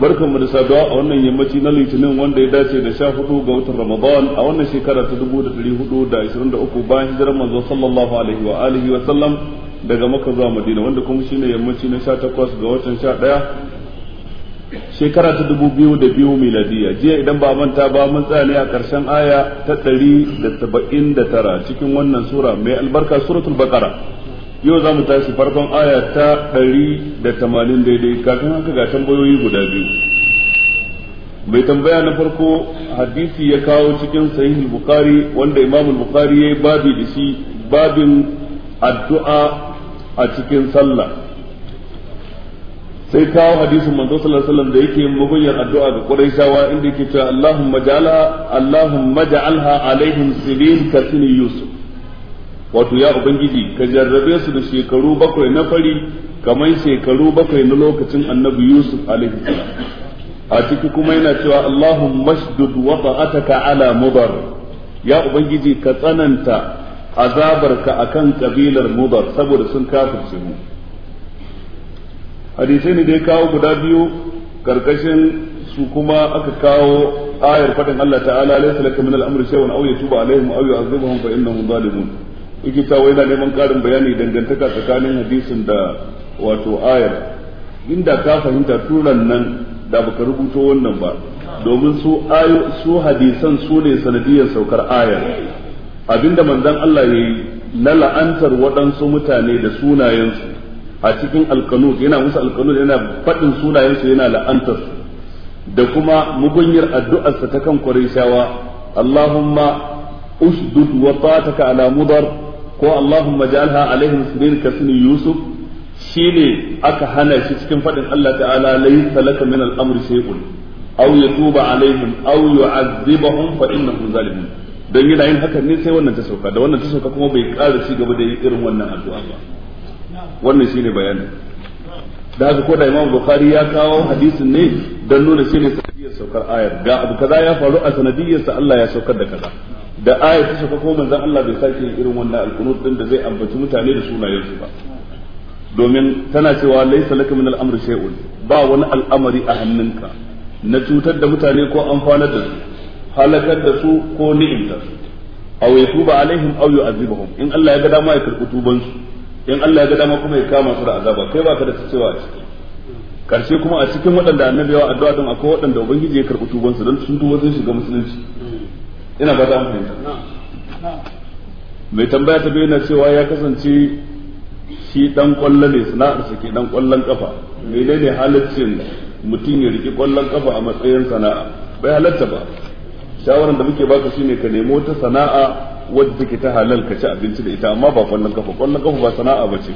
barkan mu da saduwa a wannan yammaci na litinin wanda ya dace da sha hudu ga watan ramadan a wannan shekara ta dubu da dari hudu da ashirin da uku bayan hijirar manzo sallallahu alaihi wa alihi wa sallam daga maka zuwa madina wanda kuma shine yammaci na sha takwas ga watan sha daya shekara ta dubu biyu da biyu miladiya jiya idan ba manta ba mun tsaya ne a karshen aya ta ɗari da saba'in da tara cikin wannan sura mai albarka suratul baqara yau za mu tashi farkon aya ta ɗari da tamanin daidai kafin haka ga tambayoyi guda biyu mai tambaya na farko hadisi ya kawo cikin sahih bukari wanda imam bukari ya yi babi da shi babin addu'a a cikin sallah sai kawo hadisin manzo sallallahu alaihi wasallam da yake mugunyar addu'a ga quraishawa inda yake cewa Allahumma ja'alha Allahumma ja'alha alaihim sibil kasini yusuf wato ya ubangiji ka jarrabe su da shekaru bakwai na fari kamar shekaru bakwai na lokacin annabi yusuf alaihi salam a ciki kuma yana cewa allahumma shdud ka ala mudar ya ubangiji ka tsananta azabarka akan kabilar mudar saboda sun kafirce mu hadisai ne dai kawo guda biyu karkashin su kuma aka kawo ayar fadin Allah ta'ala laysa laka min al auye shay'un aw alaihim aw yu'adhibuhum fa innahum zalimun yake wai yana neman karin bayani dangantaka tsakanin hadisin da wato ayar inda ka fahimta turan nan da baka rubuto wannan ba domin su ayo su hadisan su ne sanadiyar saukar ayar abinda manzon Allah yayi na la'antar waɗansu mutane da sunayensu a cikin alkanut yana musu alkanut yana faɗin sunayensu yana la'antar da kuma mugunyar addu'arsa ta kan Qurayshawa Allahumma usdud wa ta'ataka ala mudar ko Allahumma ja'alha alaihim sabil kasmi yusuf shine aka hana shi cikin fadin Allah ta'ala laysa talaka min al-amri shay'un aw yatuba alaihim aw yu'azzibahum fa innahum zalimun dan yana yin haka ne sai wannan ta sauka da wannan ta sauka kuma bai ƙara ci gaba da yin irin wannan addu'a ba wannan shine bayanin da haka ko da Imam Bukhari ya kawo hadisin ne dan nuna shine sanadiyar saukar ayar ga abu kaza ya faru a sanadiyar sa Allah ya saukar da kaza da aya ta shafa ko manzon Allah bai sake yin irin wannan alqunut din da zai ambaci mutane da sunayen su ba domin tana cewa laysa laka min al'amri shay'un ba wani al'amari a hannunka na cutar da mutane ko amfanar da su halakar da su ko ni'imta su aw yatuba alaihim aw yu'adhibuhum in Allah ya ga dama ya karɓi tuban su in Allah ya ga dama kuma ya kama su da azaba kai baka da cewa a ciki karshe kuma a cikin waɗanda annabiyawa addu'a don akwai waɗanda ubangiji ya karɓi tuban su don sun tuba sun shiga musulunci ina ba ta amfani mai tambaya ta biyu na cewa ya kasance shi dan kwallo ne sana'ar su ke dan kwallon kafa menene halaccin mutum ya riki kwallon kafa a matsayin sana'a bai halatta ba shawaran da muke baka shine ka nemo ta sana'a wadda take ta halal ka ci abinci da ita amma ba kwallon kafa kwallon kafa ba sana'a ba ce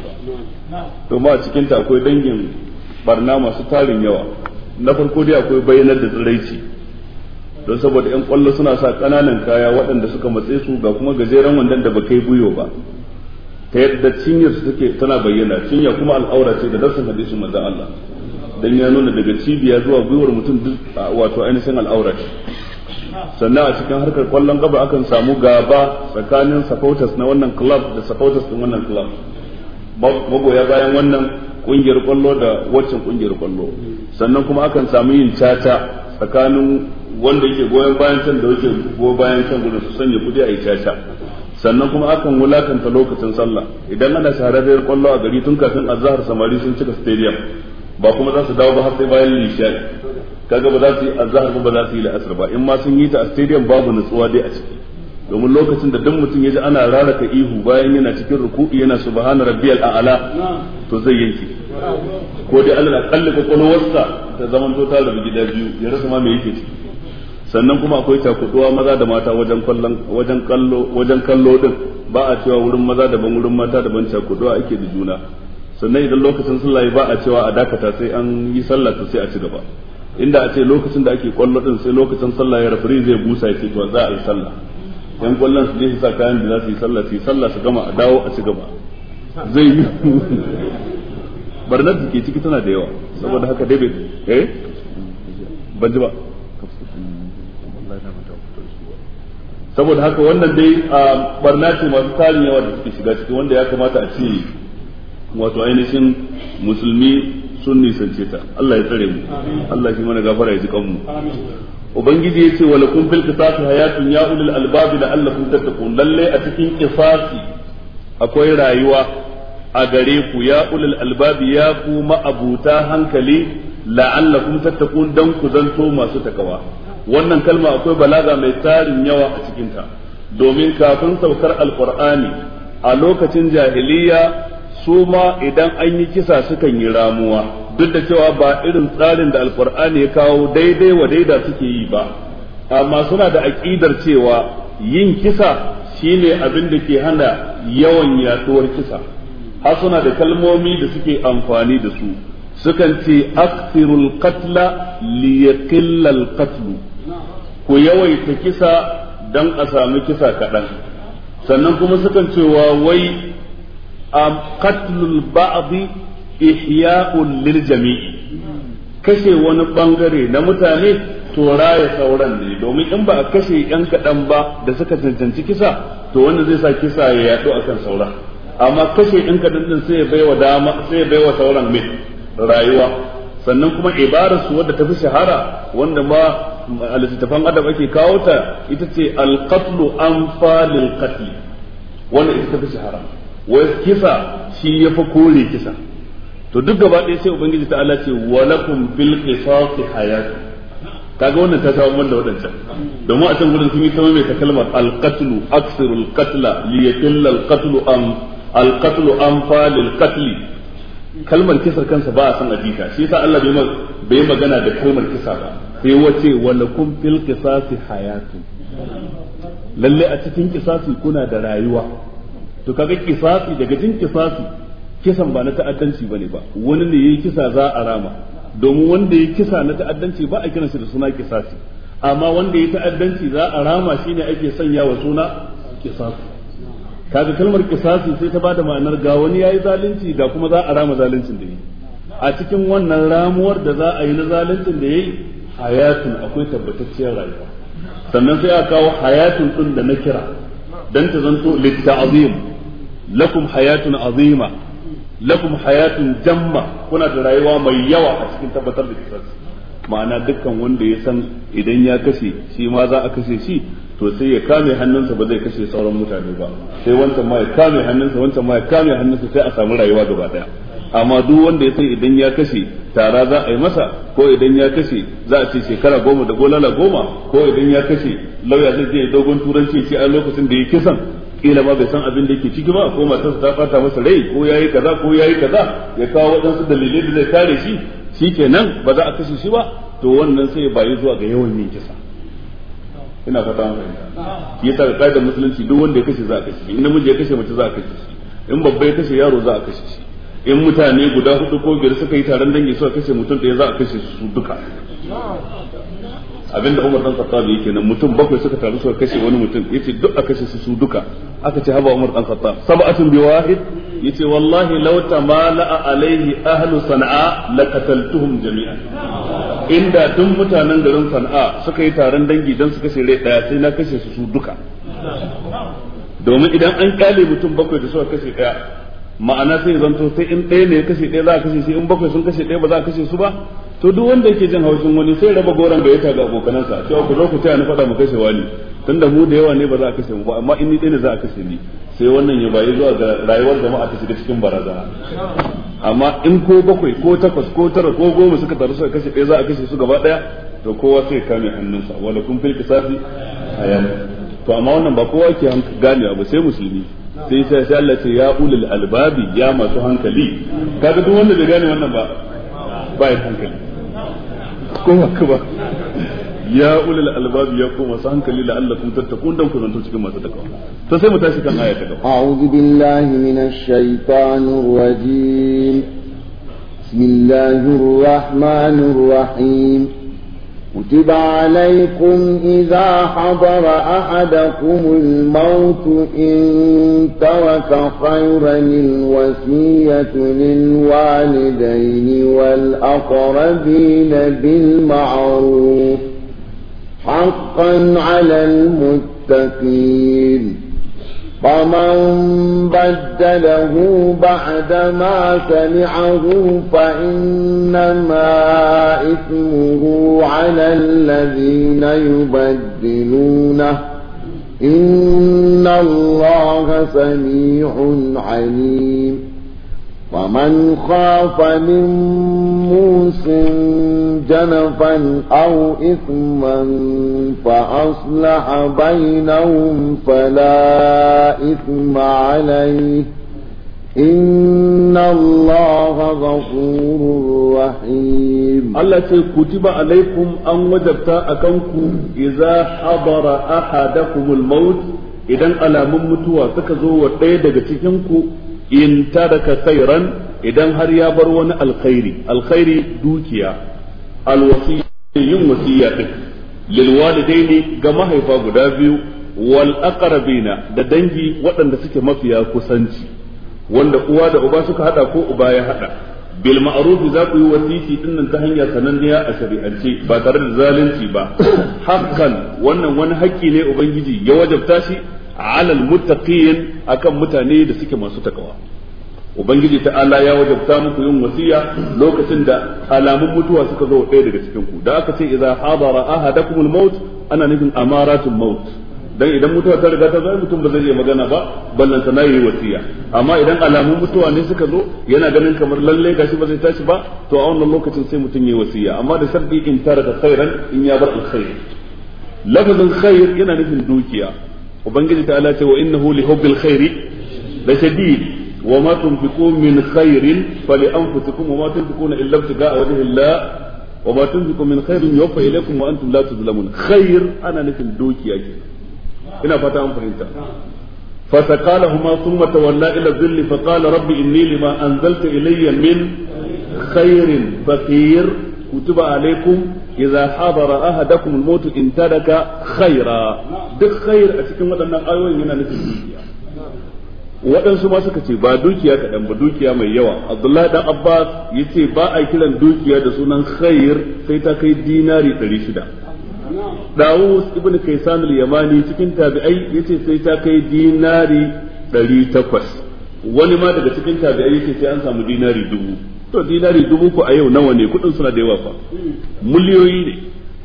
ba to a cikin ta akwai dangin barna masu tarin yawa na farko dai akwai bayyanar da tsiraici don saboda yan kwallo suna sa kananan kaya waɗanda suka matse su ga kuma gajeren wandan da bakai buyo ba ta yadda cinyar su take tana bayyana cinya kuma al'aura ce da darsan hadisin manzon Allah dan ya nuna daga cibiya zuwa gwiwar mutum duk wato ainihin al'aura ce sannan a cikin harkar kwallon gaba akan samu gaba tsakanin supporters na wannan club da supporters din wannan club magoya bayan wannan kungiyar kwallo da waccan kungiyar kwallo sannan kuma akan samu yin caca tsakanin wanda yake goyon bayan can da yake goyon bayan can gudun su sanya kudi a yi caca sannan kuma akan wulakanta lokacin sallah idan ana shahararriyar kwallo a gari tun kafin azhar samari sun cika stadium ba kuma za su dawo ba har sai bayan lishari kaga ba za su yi azhar ba za su yi la'asar ba in ma sun yi ta a stadium babu nutsuwa dai a ciki domin lokacin da duk mutum ya ji ana raraka ihu bayan yana cikin ruku'i yana subhana rabbiyal a'la to zai yanke ko dai Allah ya kallaka wasa ta zamanto ta da gida biyu ya rasa ma me yake ciki sannan kuma akwai takuduwa maza da mata wajen kallon wajen kallo wajen kallo din ba a cewa wurin maza daban wurin mata daban takuduwa ake da juna sannan idan lokacin sallah ba a cewa a dakata sai an yi sallah to sai a ci gaba inda a ce lokacin da ake kallo din sai lokacin sallah ya rafri zai busa yake to za a yi sallah yan kallon su je su sa kayan da za su yi sallah su yi sallah su gama a dawo a ci gaba zai yi barnar da ke ciki tana da yawa saboda haka dai bai eh ban ji ba saboda haka wannan dai a barna ce masu tarin yawa da suke shiga ciki wanda ya kamata a ce wato ainihin musulmi sun nisance ta Allah ya tsare mu Allah shi mana gafara ya ji kanmu ubangiji yace wala kun fil qisasi hayatun ya ulul albab la allakum tattaqun lalle a cikin qisasi akwai rayuwa a gare ku ya ulul albab ya ku ma'abuta hankali allakum tattaqun dan ku zanto masu takawa wannan kalma akwai balaga mai tarin yawa a cikinta domin kafin saukar alkur'ani a lokacin jahiliya su ma idan an yi kisa sukan yi ramuwa duk da cewa ba irin tsarin da alkur'ani ya kawo daidai wa daida suke yi ba amma suna da aƙidar cewa yin kisa shine abin da ke hana yawan yaduwar kisa har suna da kalmomi da suke amfani da su sukan ce akthirul Katla li yaqilla al ku yawaita kisa dan a sami kisa kaɗan sannan kuma sukan cewa wai a qatlul ba'di ihya'un lil jami'i kashe wani bangare na mutane to raya sauran ne domin in ba a kashe yan kaɗan ba da suka cancanci kisa to wannan zai sa kisa ya yaɗu akan sauran amma kashe yan kaɗan din sai ya baiwa dama sai ya baiwa sauran mai rayuwa sannan kuma ibarar su wadda tafi shahara wanda ma a adab ake kawo ta ita ce alqatlu anfalil qatl wannan ita tafi shahara wai kisa shi yafi kore kisa to duk gaba ɗaya sai ubangiji ta Allah ce walakum fil qisas hayatu kaga wannan ta samu wanda wadancan domin a can gurin sun yi ta mai ta kalmar alqatlu aksirul qatla liyatilla alqatlu am alqatlu anfalil qatli kalmar kisar kansa ba a san ajita shi yasa Allah bai magana da kalmar kisa ba sai wace walakum fil qisasi hayatu lalle a cikin kisasi kuna da rayuwa to kaga kisasi daga jin kisasi kisan ba na ta'addanci bane ba wani ne yayi kisa za a rama domin wanda yayi kisa na ta'addanci ba a kiransa da suna kisasi amma wanda yayi ta'addanci za a rama shine ake sanya wa suna kisasi kaga kalmar kisasi sai ta bada ma'anar ga wani yayi zalunci da kuma za a rama zaluncin da yi a cikin wannan ramuwar da za a yi na zaluncin da yayi hayatun akwai tabbatacciyar rayuwa sannan sai a kawo hayatun din da na kira dan ta zanto litta'zim lakum hayatun azima lakum hayatun jamma kuna da rayuwa mai yawa a cikin tabbatar da kisasi ma'ana dukkan wanda ya san idan ya kashe shi ma za a kashe shi to sai ya kame hannunsa ba zai kashe sauran mutane ba sai wancan ma ya kame hannunsa wancan ma ya kame hannunsa sai a samu rayuwa gaba daya amma duk wanda ya san idan ya kashe tara za a yi masa ko idan ya kashe za a ce shekara goma da golala goma ko idan ya kashe lauya zai je dogon turanci shi a lokacin da ya kisan kila ba bai san abin da yake ciki ba ko matarsa ta fata masa rai ko yayi kaza ko yayi kaza ya kawo waɗansu dalilai da zai kare shi shi shikenan ba za a kashe shi ba to wannan sai ya bayi zuwa ga yawan yin kisa ina fata an fahimta shi yasa ga kaidar musulunci duk wanda ya kashe za a kashe shi in namiji ya kashe mace za a kashe shi in babba ya kashe yaro za a kashe shi in mutane guda hudu ko biyar suka yi taron dangi suka kashe mutum ɗaya za a kashe su duka Abin da Umar dan Khattab yake nan mutum bakwai suka taru suka kashe wani mutum yace duk a kashe su su duka aka ce haba Umar dan Khattab sab'atun bi wahid yace wallahi law tamala alaihi ahlu sana'a laqataltuhum jami'an inda tun mutanen garin sana'a suka yi taron dangi don su kashe rai daya sai na kashe su su duka domin idan an kyale mutum bakwai da suka kashe daya ma'ana sai zanto sai in ɗaya ne ya kashe ɗaya za a kashe shi in bakwai sun kashe ɗaya ba za a kashe su ba to duk wanda yake jin haushin wani sai raba goron gayyata ga abokanansa cewa ku zo ku taya ni faɗa mu kashe wani tunda mu da yawa ne ba za a kashe mu ba amma in ni ɗaya ne za a kashe ni sai wannan ya bayi zuwa ga rayuwar jama'a ta shiga cikin barazana amma in ko bakwai ko takwas ko tara ko goma suka taru suka kashe ɗaya za a kashe su gaba ɗaya to kowa sai kame hannunsa wanda kun fil kisafi hayat to amma wannan ba kowa ke ganewa ba sai musulmi sai sai sai Allah ce ya ulul albabi ya masu hankali kaga duk wanda bai gane wannan ba ba ya hankali ko ba ya ulul albab ya ku masu hankali la'allakum tattaqun dan ku zanto cikin masu takawa to sai mu tashi kan aya ta gaba a'udhu billahi minash shaitanir كتب عليكم إذا حضر أحدكم الموت إن ترك خيرا الوصية للوالدين والأقربين بالمعروف حقا على المتقين فمن بدله بعد ما سمعه فإنما إثمه على الذين يبدلونه إن الله سميع عليم فمن خاف من موس جنفا أو إثما فأصلح بينهم فلا إثم عليه إن الله غفور رحيم التي كتب عليكم أن وجبت أكنكم إذا حضر أحدكم الموت إذا ألا من متوى تكزوا وطيدك تكنكم in taraka khairan idan har ya bar wani alkhairi alkhairi dukiya alwasiyya yin wasiya din lil ne ga mahaifa guda biyu wal aqrabina da dangi waɗanda suke mafiya kusanci wanda uwa da uba suka hada ko uba ya hada bil ma'ruf za ku yi din nan ta hanya sananniya a shari'ance ba tare da zalunci ba hakkan wannan wani haƙƙi ne ubangiji ya wajabta shi alal a akan mutane da suke masu takawa ubangiji ta ala ya wajabta muku yin wasiya lokacin da alamun mutuwa suka zo ɗaya daga cikin ku da aka ce idza hadara ahadakumul maut ana nufin amaratul maut dan idan mutuwa ta riga ta zo mutum ba zai iya magana ba ballan sana yi wasiya amma idan alamun mutuwa ne suka zo yana ganin kamar lalle gashi ba zai tashi ba to a wannan lokacin sai mutum yi wasiya amma da sharɗi in taraka khairan in ya bar alkhair lafazin khair yana nufin dukiya وبنجد تعالى وإنه لحب الخير لشديد وما تنفقون من خير فلأنفسكم وما تنفقون إلا ابتغاء وجه الله وما تنفقون من خير يوفى إليكم وأنتم لا تظلمون خير أنا نفل دوكي أجل هنا فتاة فهمتها فسقى لهما ثم تولى إلى الذل فقال رب إني لما أنزلت إلي من خير فقير كتب عليكم idza hadara ahadakum al-maut in taraka khaira duk khair a cikin waɗannan ayoyin yana nufin dukiya waɗansu ma suka ce ba dukiya kaɗan ba dukiya mai yawa abdullahi dan abbas ya ce ba a kiran dukiya da sunan khair sai ta kai dinari ɗari shida dawus ibn kaisan al-yamani cikin tabi'ai ya ce sai ta kai dinari ɗari takwas wani ma daga cikin tabi'ai ya ce sai an samu dinari dubu to dinari dubu ku a yau nawa ne kudin suna da yawa fa miliyoyi ne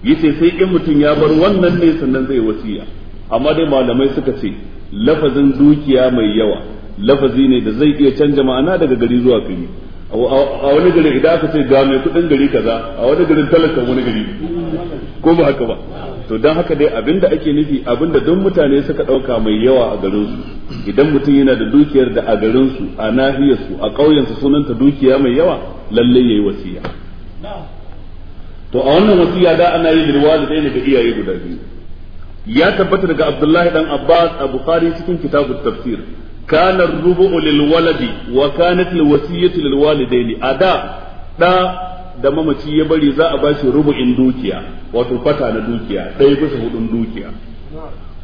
yace sai in mutum ya bar wannan ne sannan zai wasiya amma dai malamai suka ce lafazin dukiya mai yawa lafazi ne da zai iya canja ma'ana daga gari zuwa gari a wani gari idan aka ce ga mai kudin gari kaza a wani garin talaka wani gari ko ba haka ba to don haka dai abinda ake nufi abinda duk mutane suka dauka mai yawa a garin su idan mutum yana da dukiyar da a garinsu a nahiyarsu a ƙauyensu sunanta dukiya mai yawa lalle yayi wasiya to a wannan wasiya da ana yi walidai ne ga iyaye guda biyu ya tabbata daga Abdullahi dan Abbas a Bukhari cikin kitabu tafsir kana rubu'u lil waladi wa kanat al wasiyatu lil walidaini ada da da mamaci ya bari za a bashi rubu'in dukiya wato fata na dukiya ɗaya bisa hudun dukiya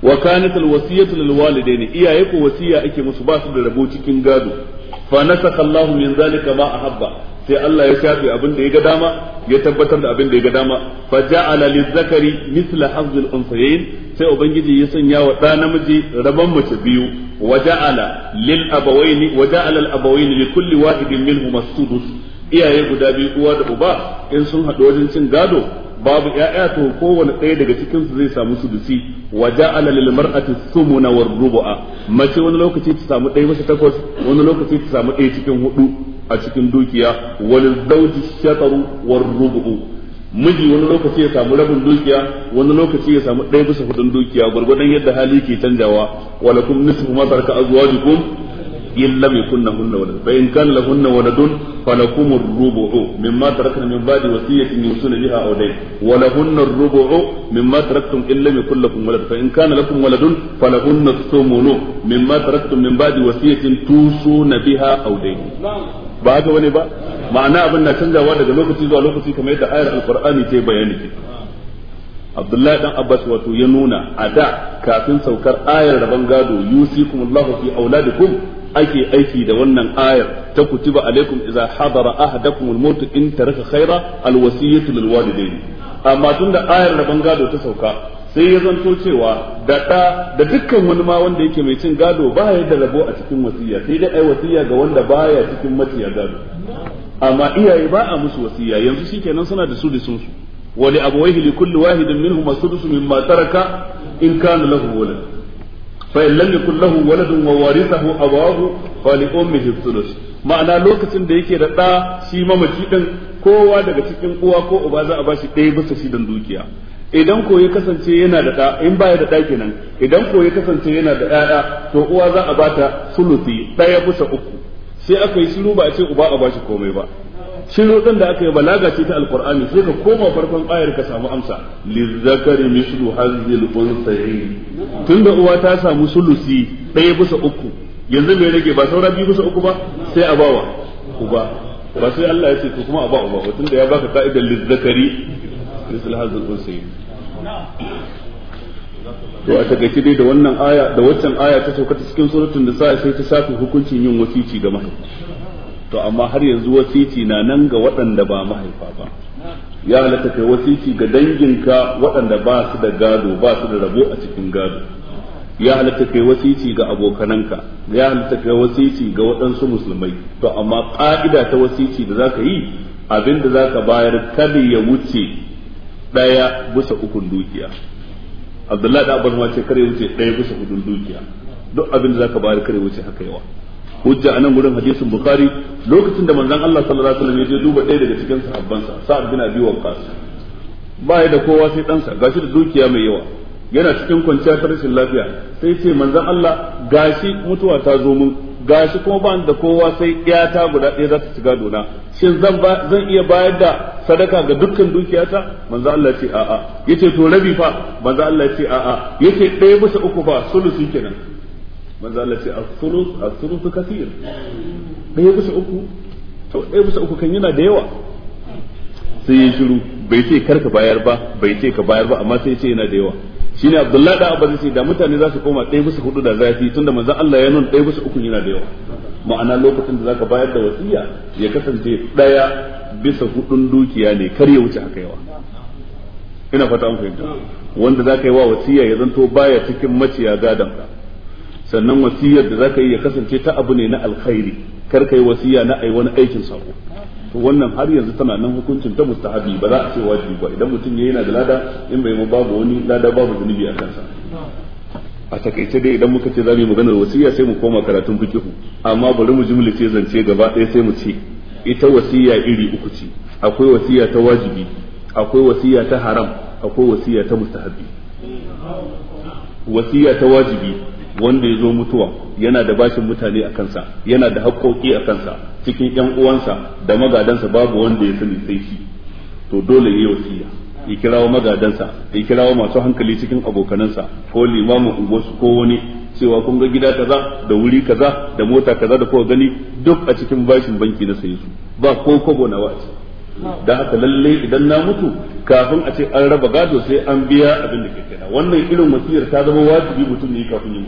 wa kanat alwasiyatu lilwalidaini iyaye ko wasiya ake musu ba su da rabo cikin gado fa nasakha Allahu min zalika ma ahabba sai Allah ya shafe abin da ya ga dama ya tabbatar da abin da ya ga dama fa ja'ala lizzakari mithla hazzil unsayayn sai ubangiji ya sanya wa da namiji rabon mace biyu wa ja'ala lil abawaini wa ja'ala al abawaini li kulli wahidin minhum as iyaye guda biyu uwa da uba in sun haɗu wajen cin gado babu ƴaƴa to kowane ɗaya daga cikin su zai samu dusi wa ja'ala lil mar'ati thumuna war rubu'a mace wani lokaci ta samu ɗaya bisa takwas wani lokaci ta samu ɗaya cikin hudu a cikin dukiya wal zawji shataru war rubu'u miji wani lokaci ya samu rabin dukiya wani lokaci ya samu ɗaya bisa hudun dukiya gurgurdan yadda hali ke canjawa walakum nisfu ma tarka azwajukum in lam yakunna hunna walad fa in kana lahunna waladun falakum ar-rubu'u mimma tarakna min ba'di wasiyatin yusuna biha aw dayn wa lahunna ar-rubu'u mimma taraktum in lam yakul lakum walad fa in kan lakum waladun falahunna ath-thumunu mimma taraktum min ba'di wasiyatin tusuna biha aw dayn ba haka bane ba ma'ana abin na canzawa daga lokaci zuwa lokaci kamar yadda ayar alqur'ani ta bayani Abdullahi dan Abbas wato ya nuna a da kafin saukar ayar rabon gado yusikumullahu fi auladikum ake aiki da wannan ayar ta kutiba alaikum idza hadara ahadakum al in taraka khaira al-wasiyatu lil walidayn amma tunda ayar da bangado ta sauka sai ya zanto cewa da da da dukkan wani ma wanda yake mai cin gado ba ya da rabo a cikin wasiya sai dai ai wasiya ga wanda baya cikin maciya gado amma iyaye ba a musu wasiya yanzu shikenan suna da su da sun su wa li abawayhi li kulli wahidin minhum as-sudus mimma taraka in kana lahu walad fa in kullahu yakul lahu waladun wa warithahu abahu fa li ummihi ma'ana lokacin da yake da da shi mamaci din kowa daga cikin uwa ko uba za a bashi ɗaya bisa don dukiya idan ko ya kasance yana da ɗa in baya da ɗa kenan idan ko ya kasance yana da ɗaya to uwa za a bata sulusi ɗaya bisa uku sai aka yi shiru ba a ce uba a bashi komai ba shirudin da aka yi balaga ce ta Alƙur'ani sai ka koma farkon ayar ka samu amsa lizzakari mislu hazzil unsayin tunda uwa ta samu sulusi ɗaya bisa uku yanzu bai rage ba saura biyu bisa uku ba sai a bawa uba ba sai Allah ya ce to kuma a ba uba ba tunda ya baka ka'idar lizzakari mislu hazzil unsayin to a takaice dai da wannan aya da waccan aya ta sauka ta cikin suratul nisa sai ta shafi hukuncin yin wasici ga mahaifi to amma har yanzu wasiti na nan ga waɗanda ba mahaifa ba ya halatta kai wasiti ga danginka waɗanda ba su da gado ba su da rabo a cikin gado ya halatta kai wasiti ga abokananka ya halatta kai wasiti ga waɗansu musulmai to amma ƙa'ida ta wasiti da zaka yi abin da zaka bayar kada ya wuce ɗaya bisa ukun dukiya abdullahi da abubuwa ce kare wuce ɗaya bisa hudun dukiya duk abin da zaka bayar kare wuce haka yawa hujja a nan wurin hadisin bukhari lokacin da manzan Allah sallallahu alaihi wasallam ya je duba ɗaya daga cikin sahabbansa sa'ad bin abi waqqas ba ya da kowa sai ɗansa gashi da dukiya mai yawa yana cikin kwanciyar rashin lafiya sai ce manzan Allah gashi mutuwa ta zo mun gashi kuma ba da kowa sai ta guda ɗaya za ta ci gado na shin zan iya bayar da sadaka ga dukkan dukiyata manzan Allah ce a'a yace to rabi fa manzan Allah ce a'a yace ɗaya bisa uku fa sulusi kenan manzo Allah ce as-sulus as-sulus kathir ɗaya bisa uku to ɗaya bisa uku kan yana da yawa sai ya shiru bai ce karka bayar ba bai ce ka bayar ba amma sai ya ce yana da yawa shine Abdullahi da Abbas s.A.I. da mutane za su koma ɗaya bisa hudu da zafi tunda manzo Allah ya nuna ɗaya bisa uku yana da yawa ma'ana lokacin da zaka bayar da wasiya ya kasance ɗaya bisa hudun dukiya ne kar ya wuce haka yawa ina fata an fahimta wanda zaka yi wa wasiya ya zanto baya cikin maciya gadon ka sannan wasiyar da zaka yi ya kasance ta abu ne na alkhairi kar kai wasiya na ai wani aikin sako to wannan har yanzu tana nan hukuncin ta mustahabi ba za a ce wajibi ba idan mutum yayi yana da lada in bai mu babu wani lada babu zunubi a kansa a takaice dai idan muka ce za mu yi maganar wasiya sai mu koma karatun fikihu amma bari mu jimli ce zance gaba ɗaya sai mu ce ita wasiya iri uku ce akwai wasiya ta wajibi akwai wasiya ta haram akwai wasiya ta mustahabi wasiya ta wajibi wanda ya zo mutuwa yana da bashin mutane a kansa yana da haƙoƙi a kansa cikin ƴan uwansa da magadansa babu wanda ya sani sai shi to dole yayi wasiya ya kirawo magadansa ya kirawo masu hankali cikin abokanansa ko limamin unguwarsu ko wani cewa kun ga gida kaza da wuri kaza da mota kaza da kowa gani duk a cikin bashin banki na sayi su ba ko kobo na wa'azi da haka lalle idan na mutu kafin a ce an raba gado sai an biya abin da ke kaina wannan irin wasiyar ta zama wajibi mutum ne kafin yin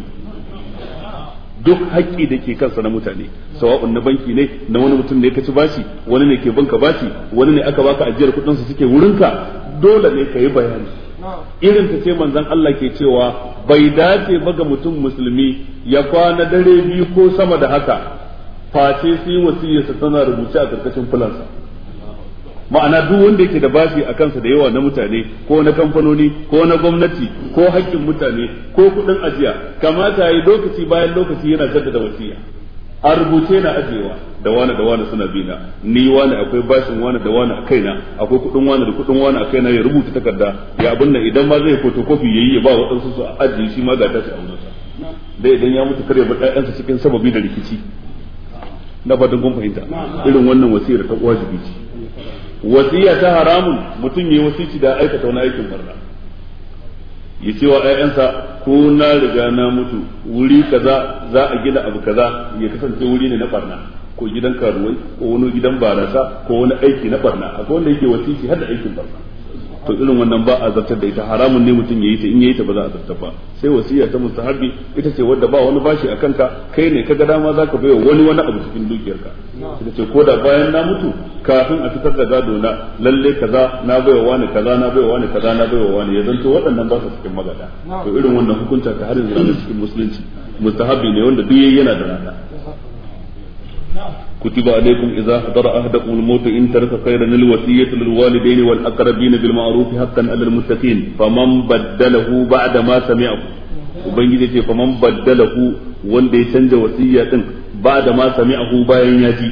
duk haƙƙi da ke kansa na mutane sawa'un na banki ne na wani mutum ne ka ci bashi wani ne ke banka bashi wani ne aka baka ajiyar kuɗin su suke wurinka dole ne ka yi bayani irin ta ce manzon Allah ke cewa bai dace ba ga mutum musulmi ya kwana dare biyu ko sama da haka face sai wasiyarsa tana rubuce a karkashin fulansa ma'ana duk wanda yake da bashi a kansa da yawa na mutane ko na kamfanoni ko na gwamnati ko haƙƙin mutane ko kuɗin ajiya kamata yi lokaci bayan lokaci yana jaddada wasiya a rubuce na ajiyewa da wani da wani suna bina ni wani akwai bashin wani da wani a kaina akwai kuɗin wani da kuɗin wani a kaina ya rubuta takarda ya abin nan idan ma zai fotokofi yi ya ba waɗansu su ajiye shi ma ga tashi a wurinsa dai idan ya mutu ya bar ɗayansa cikin sababi da rikici na fatan kun fahimta irin wannan wasiyar ta wajibi ce wasiya ta haramun mutum yi wasici da aikata wani aikin barna ya ce wa ɗayansa ko na riga na mutu wuri kaza za a gina abu kaza ya kasance wuri ne na barna ko gidan karuwai ko wani gidan barasa ko wani aiki na barna akwai wanda yake wasici har da aikin barna to irin wannan ba a zartar da ita haramun ne mutum ya yi ta in yayi ta ba za a zartar ba sai wasiya ta mustahabi ita ce wadda ba wani bashi a kanka kai ne ka ga dama za ka baiwa wani wani abu cikin dukiyarka ita ce ko da bayan na mutu kafin a fitar da gado na lalle kaza na baiwa wani kaza na baiwa wani kaza na baiwa wani ya zanto waɗannan ba su cikin magada to irin wannan hukunta ta har yanzu cikin musulunci mustahabi ne wanda duk yana da rana كتب عليكم إذا حضر أحدكم الموت إن ترك خيرا الوصية للوالدين والأقربين بالمعروف حقا على المتقين فمن بدله بعد ما سمعه ubangiji ce faman baddalahu wanda ya canja wasiyya din ba da ma sami'ahu bayan ya ji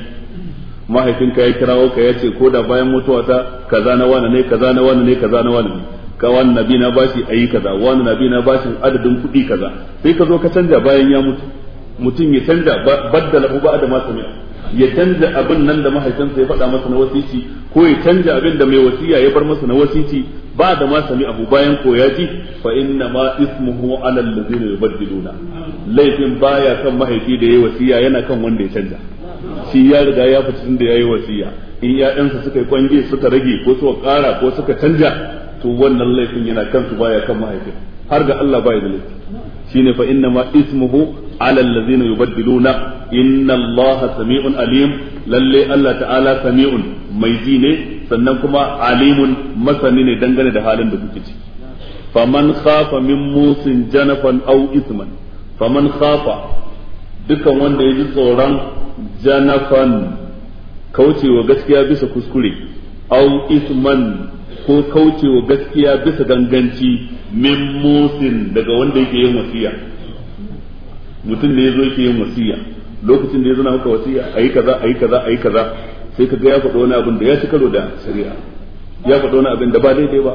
mahaifinka ya kirawo ka ya ce ko da bayan mutuwa ta kaza na wani ne kaza na wani ne kaza na wani ne ka wani nabi na bashi ayi kaza wani nabi na bashi adadin kuɗi kaza sai ka zo ka canja bayan ya mutu mutum ya canja da ma ya canza abin nan da mahaifinsa ya faɗa masa na wasici ko ya canza abin da mai wasiya ya bar masa na wasici ba da ma sami abu bayan koya ji fa inna ma ismuhu ala allazina yubaddiluna laifin baya kan mahaifi da yayi wasiya yana kan wanda ya canza shi ya riga ya fita tunda yayi wasiya in ya'yansa suka yi kwange suka rage ko suka ƙara ko suka canja to wannan laifin yana kansu baya kan mahaifin har ga Allah baya da laifi shine fa inna ma ismuhu على الذين يبدلون إن الله سميع عليم للي الله تعالى سميع ميزيني سننكما عليم مسنين دنغن دهالا دبكت فمن خاف من موس جنفا أو إثما فمن خاف dukan wanda ya ji tsoron janafan kaucewa gaskiya bisa kuskure au isman ko kaucewa gaskiya bisa ganganci min musin daga wanda yake yin wasiya mutum ne zo yake yin wasiya lokacin da ya na maka wasiya ayi kaza ayi kaza ayi kaza sai ka ga ya faɗo wani abin da ya ci karo da shari'a ya faɗo wani abin da ba daidai ba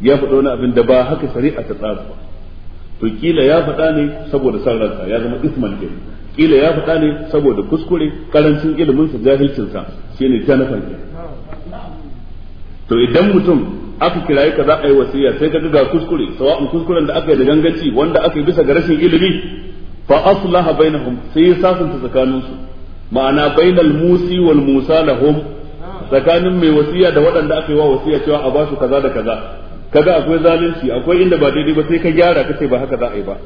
ya faɗo wani abin da ba haka shari'a ta tsara ba to kila ya faɗa ne saboda san ransa ya zama isman ke kila ya faɗa ne saboda kuskure karancin ilimin sa jahilcin sa shine ta nafar to idan mutum aka kirayi kaza a yi wasiya sai ka ga kuskure sawa'un kuskuren da aka yi da ganganci wanda aka yi bisa ga rashin ilimi fa aslaha bainahum sai ya sasanta tsakaninsu ma'ana bainal musi wal musa lahum tsakanin mai wasiya da waɗanda aka yi wa wasiya cewa a basu kaza da kaza kaga akwai zalunci akwai inda ba daidai ba sai ka gyara ka ce ba haka za a yi ba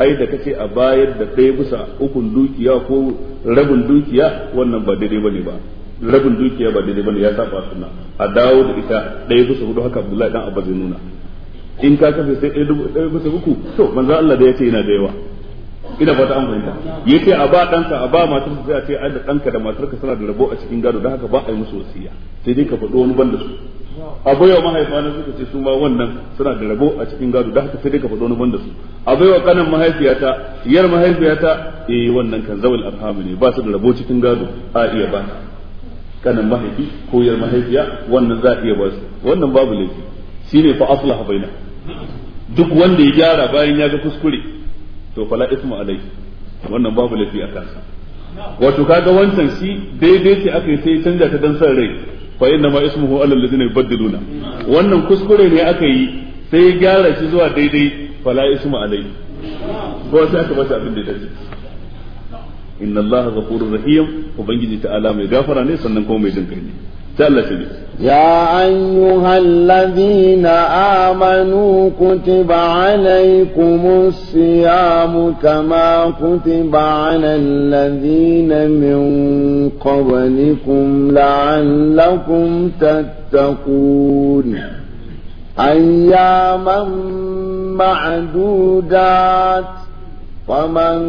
ai da kace a bayar da ɗaya bisa ukun dukiya ko rabin dukiya wannan ba daidai bane ba rabin dukiya ba daidai bane ya saba sunna a dawo da ita ɗaya bisa hudu haka Abdullahi dan Abba zai nuna in ka kafe sai ɗaya bisa uku to manzo Allah da yace yana da yawa ina ba ta an fahimta yace a ba danka a ba matar sai a ce a da danka da matarka suna da rabo a cikin gado don haka ba a yi musu wasiya sai dai ka faɗo wani banda su a baiwa mahaifa na suka ce su ma wannan suna da rabo a cikin gado don haka sai dai ka faɗo wani banda su a baiwa kanan mahaifiyata yar mahaifiyata eh wannan kan zawal arhamu ne ba su da rabo cikin gado a iya ba kanan mahaifi ko yar mahaifiya wannan za a iya ba su wannan babu laifi shine fa aslaha baina duk wanda ya gyara bayan ya ga kuskure to fala ismu alai wannan babu laifi a kansa wato kaga wancan shi daidai ce aka yi sai canja ta dan san rai fa inna ma ismuhu alal ladina yubaddiluna wannan kuskure ne aka yi sai ya gyara shi zuwa daidai fala ismu alai ko sai aka bata abin da dace inna allaha ghafurur rahim ubangiji ta'ala mai gafara ne sannan kuma mai jin ne tallafi ne. Ya ayyu hallabi na amanu kuti siya mu kama kuti ba anan lalabi na فمن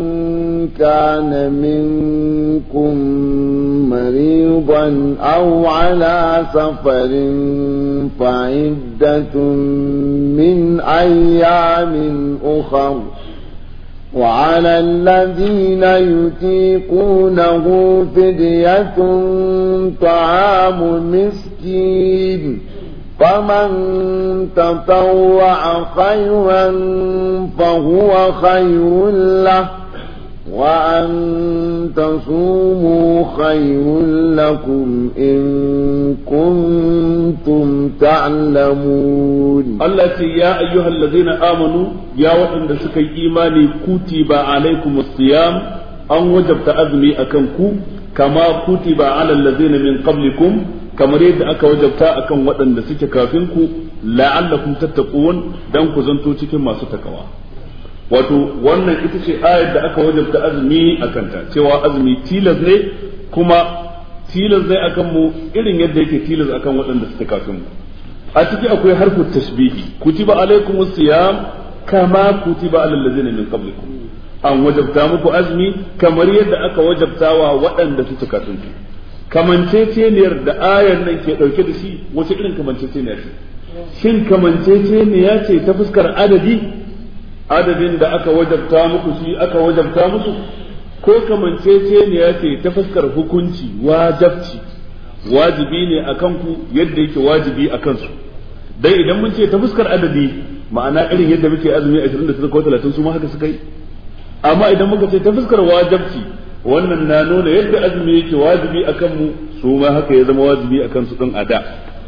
كان منكم مريضا أو على سفر فعدة من أيام أخر وعلى الذين يتيقونه فدية طعام مسكين فمن تطوع خيرا فهو خير له وأن تصوموا خير لكم إن كنتم تعلمون التي يا أيها الذين آمنوا يا وحن سكي إيماني كتب عليكم الصيام أن وجبت أذني أكنكم كما كتب على الذين من قبلكم kamar yadda aka wajabta akan waɗanda suke kafin ku la'allakum tattaqun dan ku zanto cikin masu takawa wato wannan ita ce ayar da aka wajabta azumi akan ta cewa azumi tilas ne kuma tilas ne akan mu irin yadda yake tilas akan waɗanda suke kafin mu a ciki akwai harfu tasbihi kutiba alaikumus siyam kama kutiba alal ladzina min qablikum an wajabta muku azumi kamar yadda aka wajabtawa waɗanda suka kafin ku kamanceceniyar da ayar nan ke dauke da shi wace irin kamanceceniyar ce shin kamanceceniya ce ta fuskar adadi adadin da aka wajabta muku shi aka wajabta musu ko kamanceceniya ce ta fuskar hukunci wajabci wajibi ne a kanku yadda yake wajibi a kansu dai idan mun ce ta fuskar adadi ma'ana irin yadda muke azumi 29 ko 30 su ma haka suka yi amma idan muka ce ta fuskar wajabci wannan na nuna yadda azumi yake wajibi akan mu su ma haka ya zama wajibi akan su din a da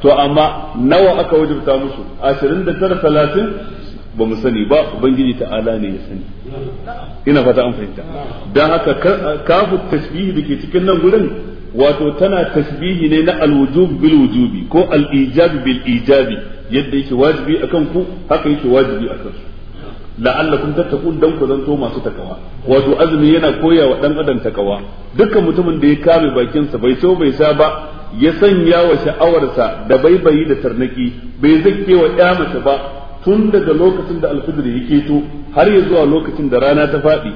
to amma nawa aka wajibta musu 29 30 ba mu sani ba ubangiji ta'ala ne ya sani ina fata an fahimta dan haka kafu tasbihi dake cikin nan gurin wato tana tasbihi ne na alwujub bil wujubi ko al ijab bil ijabi yadda yake wajibi akan ku haka yake wajibi akan su la'allakum tattaqun dan ku zanto masu takawa wato azumi yana koya wa dan adam takawa dukkan mutumin da ya kame bakinsa bai so bai sa ba ya sanya wa sha'awarsa da baibayi da tarnaki bai zakke wa ya mace ba tun daga lokacin da alfijir ya keto har ya zuwa lokacin da rana ta faɗi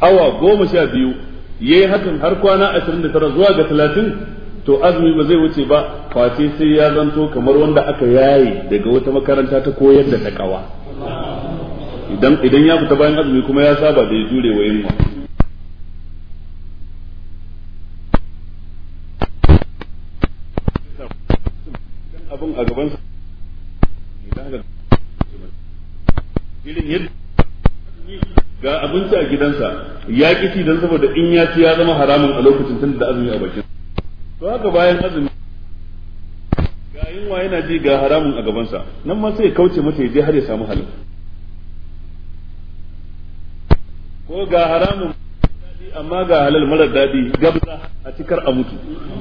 awa goma sha biyu yayi hakan har kwana ashirin da tara zuwa ga talatin to azumi ba zai wuce ba face sai ya zanto kamar wanda aka yaye daga wata makaranta ta koyar da takawa idan idan ya fita bayan azumi kuma ya saba da ya jure wa yunwa abin a gaban sa irin yadda ga abinci a gidansa ya kici ci dan saboda in ya ci ya zama haramun a lokacin tun da azumi a bakin to haka bayan azumi ga yunwa yana ji ga haramun a gabansa nan ma sai ya kauce mata ya je har ya samu halin ko ga haramun amma ga halal marar daɗi gabza a cikar a mutu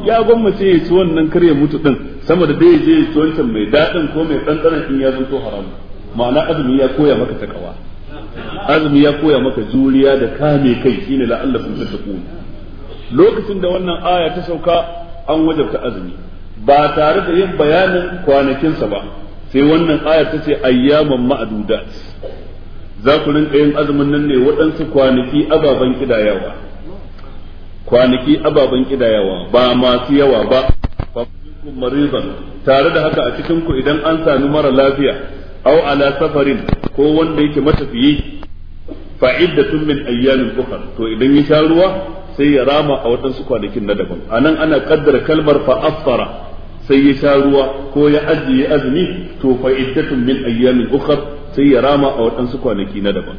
ya gwammace ya ci wannan kar ya mutu ɗin, sama da dai je ya ci mai daɗin ko mai ɗanɗanon in ya zanto haramu ma'ana azumi ya koya maka takawa azumi ya koya maka juriya da kame kai shine la'allakum tattaqun lokacin da wannan aya ta sauka an wajabta azumi ba tare da yin bayanin kwanakinsa ba sai wannan aya ta ce ayyaman ma'adudat za ku rinka yin azumin nan ne waɗansu kwanaki ababen kidayawa kwanaki ababen kidayawa ba masu yawa ba mariban tare da haka a cikin ku idan an sami mara lafiya au ala safarin ko wanda yake matafiyi fa iddatun min ayyamin bukhar to idan ya sha ruwa sai ya rama a waɗansu kwanakin na daban anan ana kaddara kalmar fa sai ya sha ruwa ko ya ajiye azumi to fa iddatun min ayyamin bukhar sai ya rama a waɗansu kwanaki na daban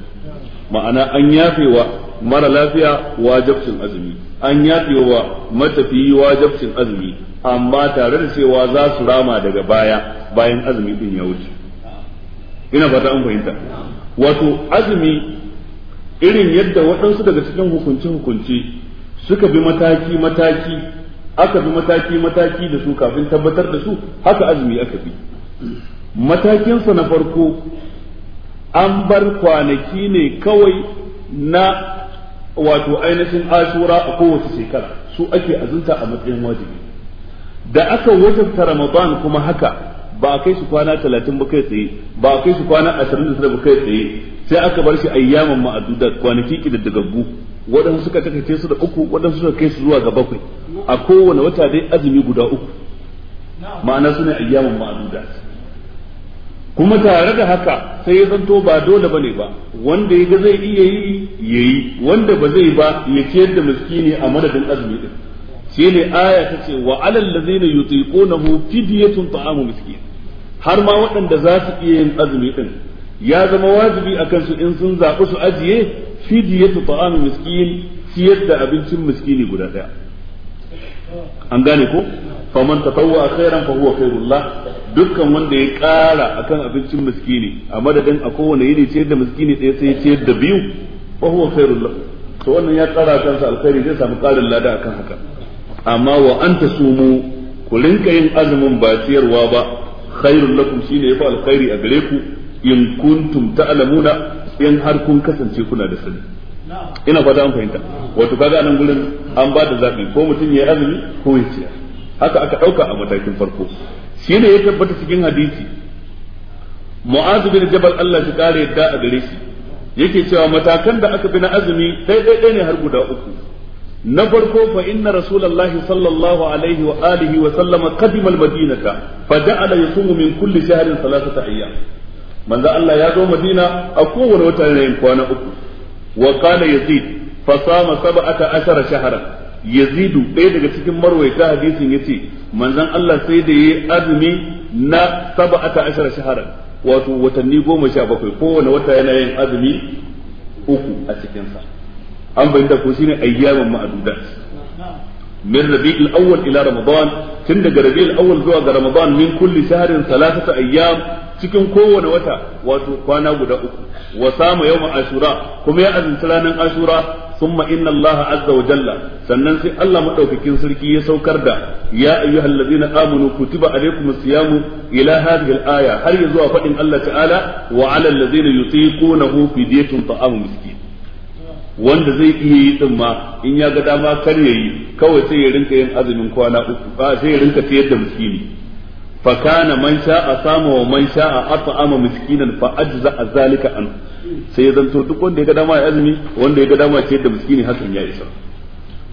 ma'ana an yafewa mara lafiya wajabcin azumi an yafewa matafiyi wajabcin azumi amma tare da cewa za su rama daga baya bayan azumi din ya wuce ina fata an fahimta wato azumi irin yadda waɗansu daga cikin hukunce-hukunce suka bi mataki-mataki aka bi mataki-mataki da su kafin tabbatar da su haka azumi aka bi matakinsa na farko an bar kwanaki ne kawai na wato ainihin ashura a kowace shekara su ake azunta a matsayin wajibi da aka wajabta ramadan kuma haka ba a kai su kwana talatin ba kai tsaye ba a kai su kwana ashirin da ba kai tsaye sai aka bar shi ayyaman ma'adudat kwanaki kididdagaggu waɗansu suka takaice su da uku waɗansu suka kai su zuwa ga bakwai a kowane wata dai azumi guda uku ma'ana su ne ayyaman ma'adudat kuma tare da haka sai ya zanto ba dole bane ba wanda yaga zai iya yi yayi wanda ba zai ba ya ciyar da miskini a madadin azumi din shine aya ta ce wa alal ladzina yutiqunahu fidyatun ta'amu miskin har ma waɗanda za su iya yin azumi din ya zama wajibi akan su in sun zaɓi su ajiye fidyatu ta'amu miskin ciyar da abincin miskini guda ɗaya an gane ko faman tatawwa a fa huwa khairul dukkan wanda ya kara akan abincin miskini a madadin a kowane yini ce da miskini ɗaya sai ya da biyu fa huwa to wannan ya a kansa alkhairi zai samu karin lada akan haka amma wa ta sumu ku rinka yin azumin ba ciyarwa ba khairul lakum shine yafi alkhairi a gare ku in kuntum ta'lamuna in har kun kasance kuna da sani ina fata an fahimta wato kaga nan gurin an ba da zabi ko mutum ya yi azumi ko ya ciyar haka aka ɗauka a matakin farko shi ne ya tabbata cikin hadisi mu'az bin jabal Allah shi kare yadda a gare shi yake cewa matakan da aka bi na azumi dai dai ne har guda uku na farko fa inna rasulullahi sallallahu alaihi wa alihi wa sallama qadima al-madinata fa ja'ala yusumu min kulli shahrin thalathata ayyam manzo Allah ya zo Madina a kowane wata ne kwana uku wa qala yazid fa sama sab'ata ashara shahran yazidu ɗaya daga cikin marwaita hadisin ce, manzon Allah sai da yi azumi na sab'ata ashara shaharan wato watanni goma sha bakwai kowane wata yana yin azumi uku a cikinsa an bayyana ko shine ayyamin ma'dudat min rabi'il awwal ila ramadan tun daga rabi'il awwal zuwa ga ramadan min kulle shahrin thalathata ayyam cikin kowane wata wato kwana guda uku wa sama yawma ashura kuma ya azumta ranar ashura thumma inna allaha azza wa jalla sannan sai Allah madaukakin sarki ya saukar da ya ayyuhallazina amanu kutiba alaykumus siyamu ila hadhihi al har ya zuwa fadin Allah ta'ala wa 'alal ladzina yutiqunahu fidyatun ta'amu miskin wanda zai iya yi din in ya ga dama kar yayi kawai sai ya rinka yin azumin kwana uku ba sai ya rinka ciyar da miskini fa kana شاء صام ومن شاء اطعم مسكينا at'ama ذلك عنه ajza zalika an sai ya zanto duk wanda ya ga dama ya azumi wanda ya ga dama ce da miskini hakan ya isa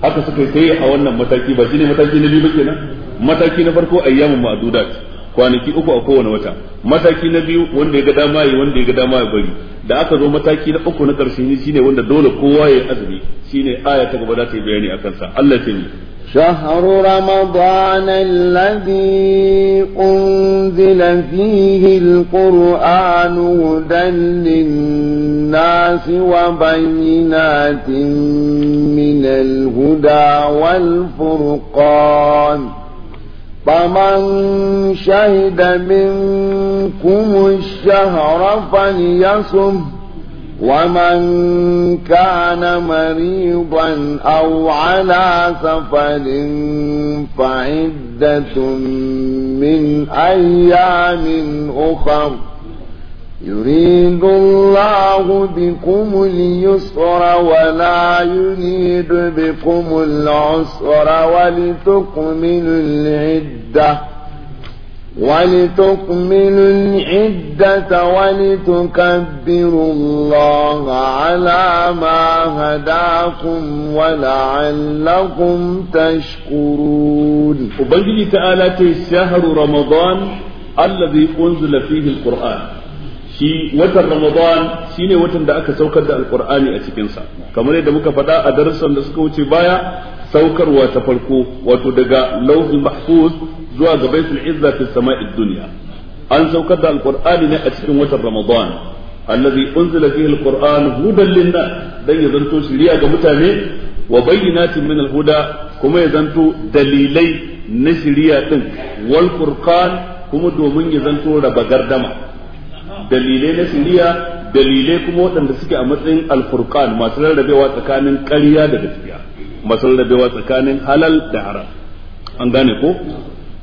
haka suka kai a wannan mataki ba shine mataki na biyu ba kenan mataki na farko ayyamun ma'dudat kwanaki uku a kowane wata mataki na biyu wanda ya ga dama yi wanda ya ga dama ya bari da aka zo mataki na uku na karshe shine wanda dole kowa ya azumi shine aya ta gaba za ta yi bayani akan sa Allah ya شهر رمضان الذي أنزل فيه القرآن هدى للناس وبينات من الهدى والفرقان فمن شهد منكم الشهر فليصمه ومن كان مريضا أو على سفر فعدة من أيام أخر يريد الله بكم اليسر ولا يريد بكم العسر ولتكمل العده ولتكملوا العدة ولتكبروا الله على ما هداكم ولعلكم تشكرون وبنجي تعالى شهر رمضان الذي أنزل فيه القرآن shi watan Ramadan shine watan da aka saukar da Alkur'ani a cikinsa kamar yadda muka faɗa a darussan da suka wuce baya saukarwa ta farko wato daga lauhul mahfuz zuwa ga baitul izza fi sama'id dunya an saukar da alqur'ani ne a cikin watan ramadan allazi unzila fihi alqur'an hudan linnas dan ya zanto shiriya ga mutane wa bayyinatin min alhuda kuma ya zanto dalilai na shiriya din wal furqan kuma domin ya zanto raba gardama dalilai na shiriya dalilai kuma waɗanda suke a matsayin alfurqan masu rarrabewa tsakanin ƙarya da gaskiya masu rarrabewa tsakanin halal da haram an gane ko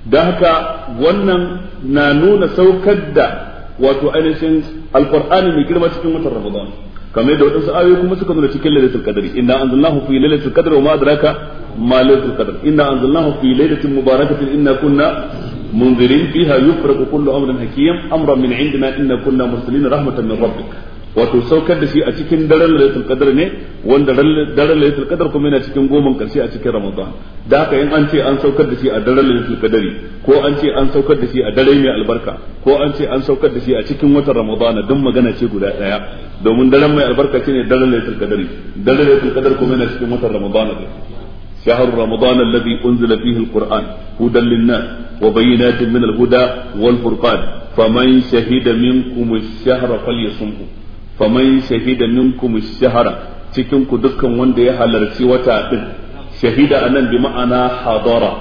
don haka wannan na nuna saukar da wato ainihin alqur'ani mai girma cikin watan ramadan kamar da wadansu ayoyi kuma suka nuna cikin lailatul qadr inna anzalnahu fi qadr wa ma adraka ma qadr inna anzalnahu fi lailatin mubarakatin inna kunna munzirin fiha yufraqu kullu amrin hakim amran min indina inna kunna mursalin rahmatan min wato saukar da shi a cikin daren lailatul qadr ne wanda daren lailatul qadr kuma yana cikin goman karshe a cikin ramadan da haka in an ce an saukar da shi a daren lailatul qadri ko an ce an saukar da shi a dare mai albarka ko an ce an saukar da shi a cikin watan ramadan duk magana ce guda daya domin daren mai albarka shine daren lailatul qadri daren lailatul qadr kuma yana cikin watan ramadan شهر رمضان الذي أنزل فيه القرآن هدى للناس وبينات من الهدى والفرقان فمن شهد منكم الشهر فليصمه faman shahida minkum shahara cikin ku dukkan wanda ya halarci wata din shahida anan bi ma'ana hadara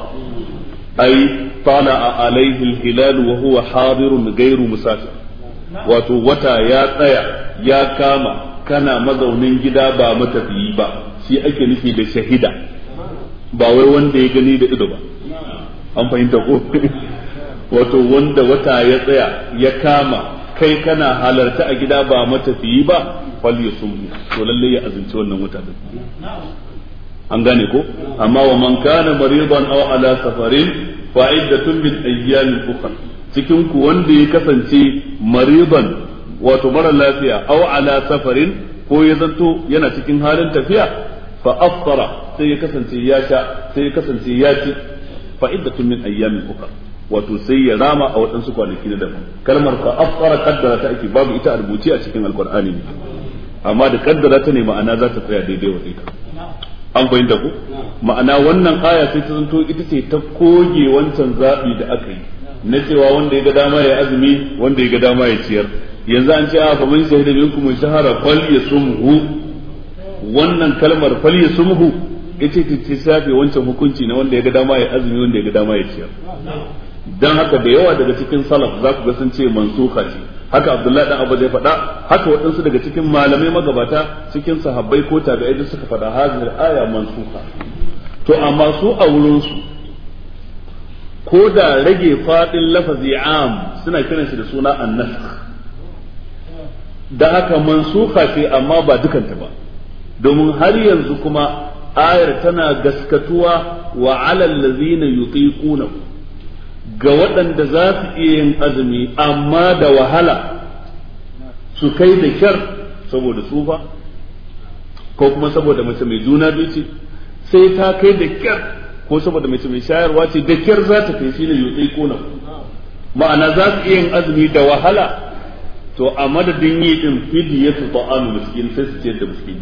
ai طلع عليه wa وهو حاضر غير مسافر wato wata ya tsaya ya kama kana mazaunin gida ba matafiyi ba shi ake nufi da shahida ba wai wanda ya gani da ido ba an fahimta ko wato wanda wata ya tsaya ya kama kai kana halarta a gida ba matafiyi ba fal yusum to lalle ya azunci wannan wata din an gane ko amma wa man kana maridan aw ala safarin fa iddatun min ayyamin ukhra cikin ku wanda ya kasance maridan wato mara lafiya aw ala safarin ko ya zanto yana cikin halin tafiya fa afṭara sai ya kasance ya sha sai ya kasance ya ci fa iddatun min ayyamin ukhra wato sai ya rama a waɗansu kwanaki na daban kalmar fa afqara qaddara ta ake babu ita a rubuce a cikin alqur'ani ne amma da kaddara ta ne ma'ana za ta tsaya daidai wa ita an fahimta ku ma'ana wannan aya sai ta zanto ita ce ta koge wancan zabi da aka yi na cewa wanda ya ga dama ya azumi wanda ya ga dama ya ciyar yanzu an ce a ah, fa mun shahida minkum shahara fal yasumhu wannan kalmar fal yasumhu ita ce ta shafe wancan hukunci na wanda ya ga dama ya azumi wanda ya ga dama ya ciyar dan haka da yawa daga cikin salaf za ku ga sun ce mansuka ce haka abdullahi dan abu zai faɗa haka waɗansu daga cikin malamai magabata cikin sahabbai ko tabi'ai duk suka faɗa hazir aya mansuka to amma su a wurin su ko da rage fadin lafazi am suna kiran shi da suna annask da haka mansuka ce amma ba dukanta ba domin har yanzu kuma ayar tana gaskatuwa wa alal ladzina yutiquna ga waɗanda za su iya yin azumi amma da wahala su kai da kyar saboda tsufa ko kuma saboda mace mai juna biyu ce sai ta kai da kyar ko saboda mace mai shayarwa ce da kyar za ta kai shine yutsai kona ma'ana za su iya yin azumi da wahala to a madadin yi din fidiyatu ta'amu miskin sai su ciyar da miskin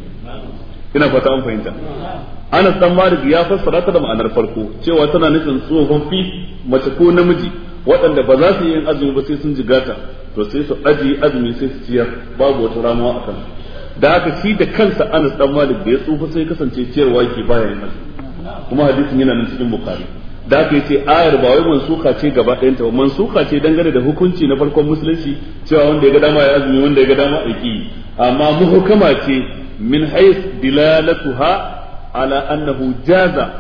ina fata an fahimta ana dan Malik ya fassara ta da ma'anar farko cewa tana nufin tsofaffi mace ko namiji waɗanda ba za su yi azumi ba sai sun jigata to sai su ajiye azumi sai su ciyar babu wata ramuwa a kan da haka shi da kansa Anas dan Malik da ya tsufa sai kasance ciyarwa ke baya yin azumi kuma hadisin yana nan cikin bukari da haka yace ayar ba wai mansuka ce gaba ɗayan ta ba mansuka ce dangane da hukunci na farkon musulunci cewa wanda ya ga dama ya azumi wanda ya ga dama ya ki amma muhukama ce min hayth dilalatuha ala annahu jaza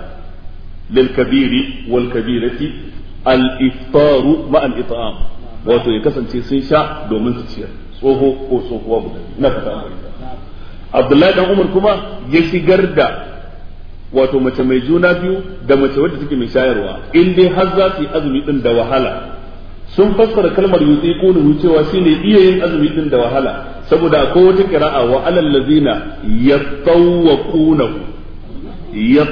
lil kabiri wal kabirati al-iftaru ma itam wato ya kasance sun sha domin su ciyar tsoho ko tsohuwa guda ina fata Abdullahi dan Umar kuma ya shigar da wato mace mai juna biyu da mace wadda take mai shayarwa in dai har za su yi azumi din da wahala sun fassara kalmar yutsi nuhu cewa shine iya yin azumi din da wahala saboda akwai wata qira'a wa alal ladina yatawwaqunahu ya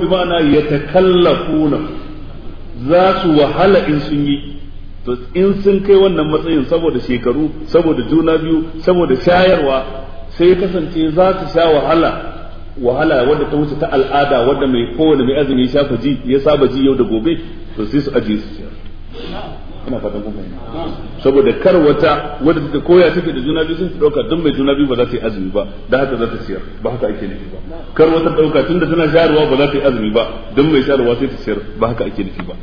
bi ma'ana yatakallafunahu za su wahala in sun yi to in sun kai wannan matsayin saboda shekaru saboda juna biyu saboda shayarwa sai kasance za su sha wahala wahala wadda ta wuce ta al'ada wadda mai kowane mai azumi ya shafa ji ya saba ji yau da gobe to sai su ajiye su ina fatan kun fahimta saboda kar wata wadda take koya take da juna biyu sun dauka duk mai juna biyu ba za ta yi azumi ba da haka za ta siyar ba haka ake nufi ba kar wata dauka tunda tana sharuwa ba za ta yi azumi ba duk mai sharuwa sai ta siyar ba haka ake nufi ba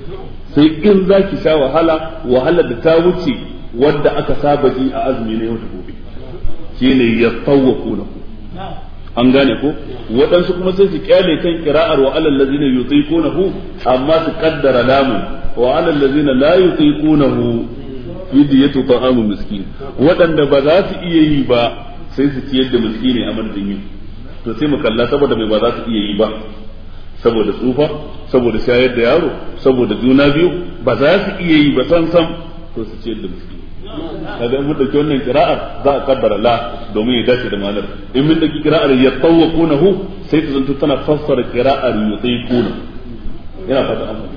sai in za ki sha wahala wahala da ta wuce wadda aka saba ji a azumi ne yau da gobe shine ya an gane ko waɗansu kuma sai su kyale kan kira'ar wa alal ladzina yutiqunahu amma su kaddara lamu wa alal ladzina la yutiqunahu fidyatu ta'amu miskin waɗanda ba za su iya yi ba sai su ciyar da miskini a madadin yi to sai mu kalla saboda mai ba za su iya yi ba saboda tsufa saboda shayar da yaro saboda juna biyu ba za su iya yi ba san sam to su ciyar da miskini kaga in mun dauki wannan kira'ar za a kaddara la domin ya dace da ma'anar in mun dauki qira'ar hu sai ta zanto tana fassara qira'ar yutiquna yana fata amma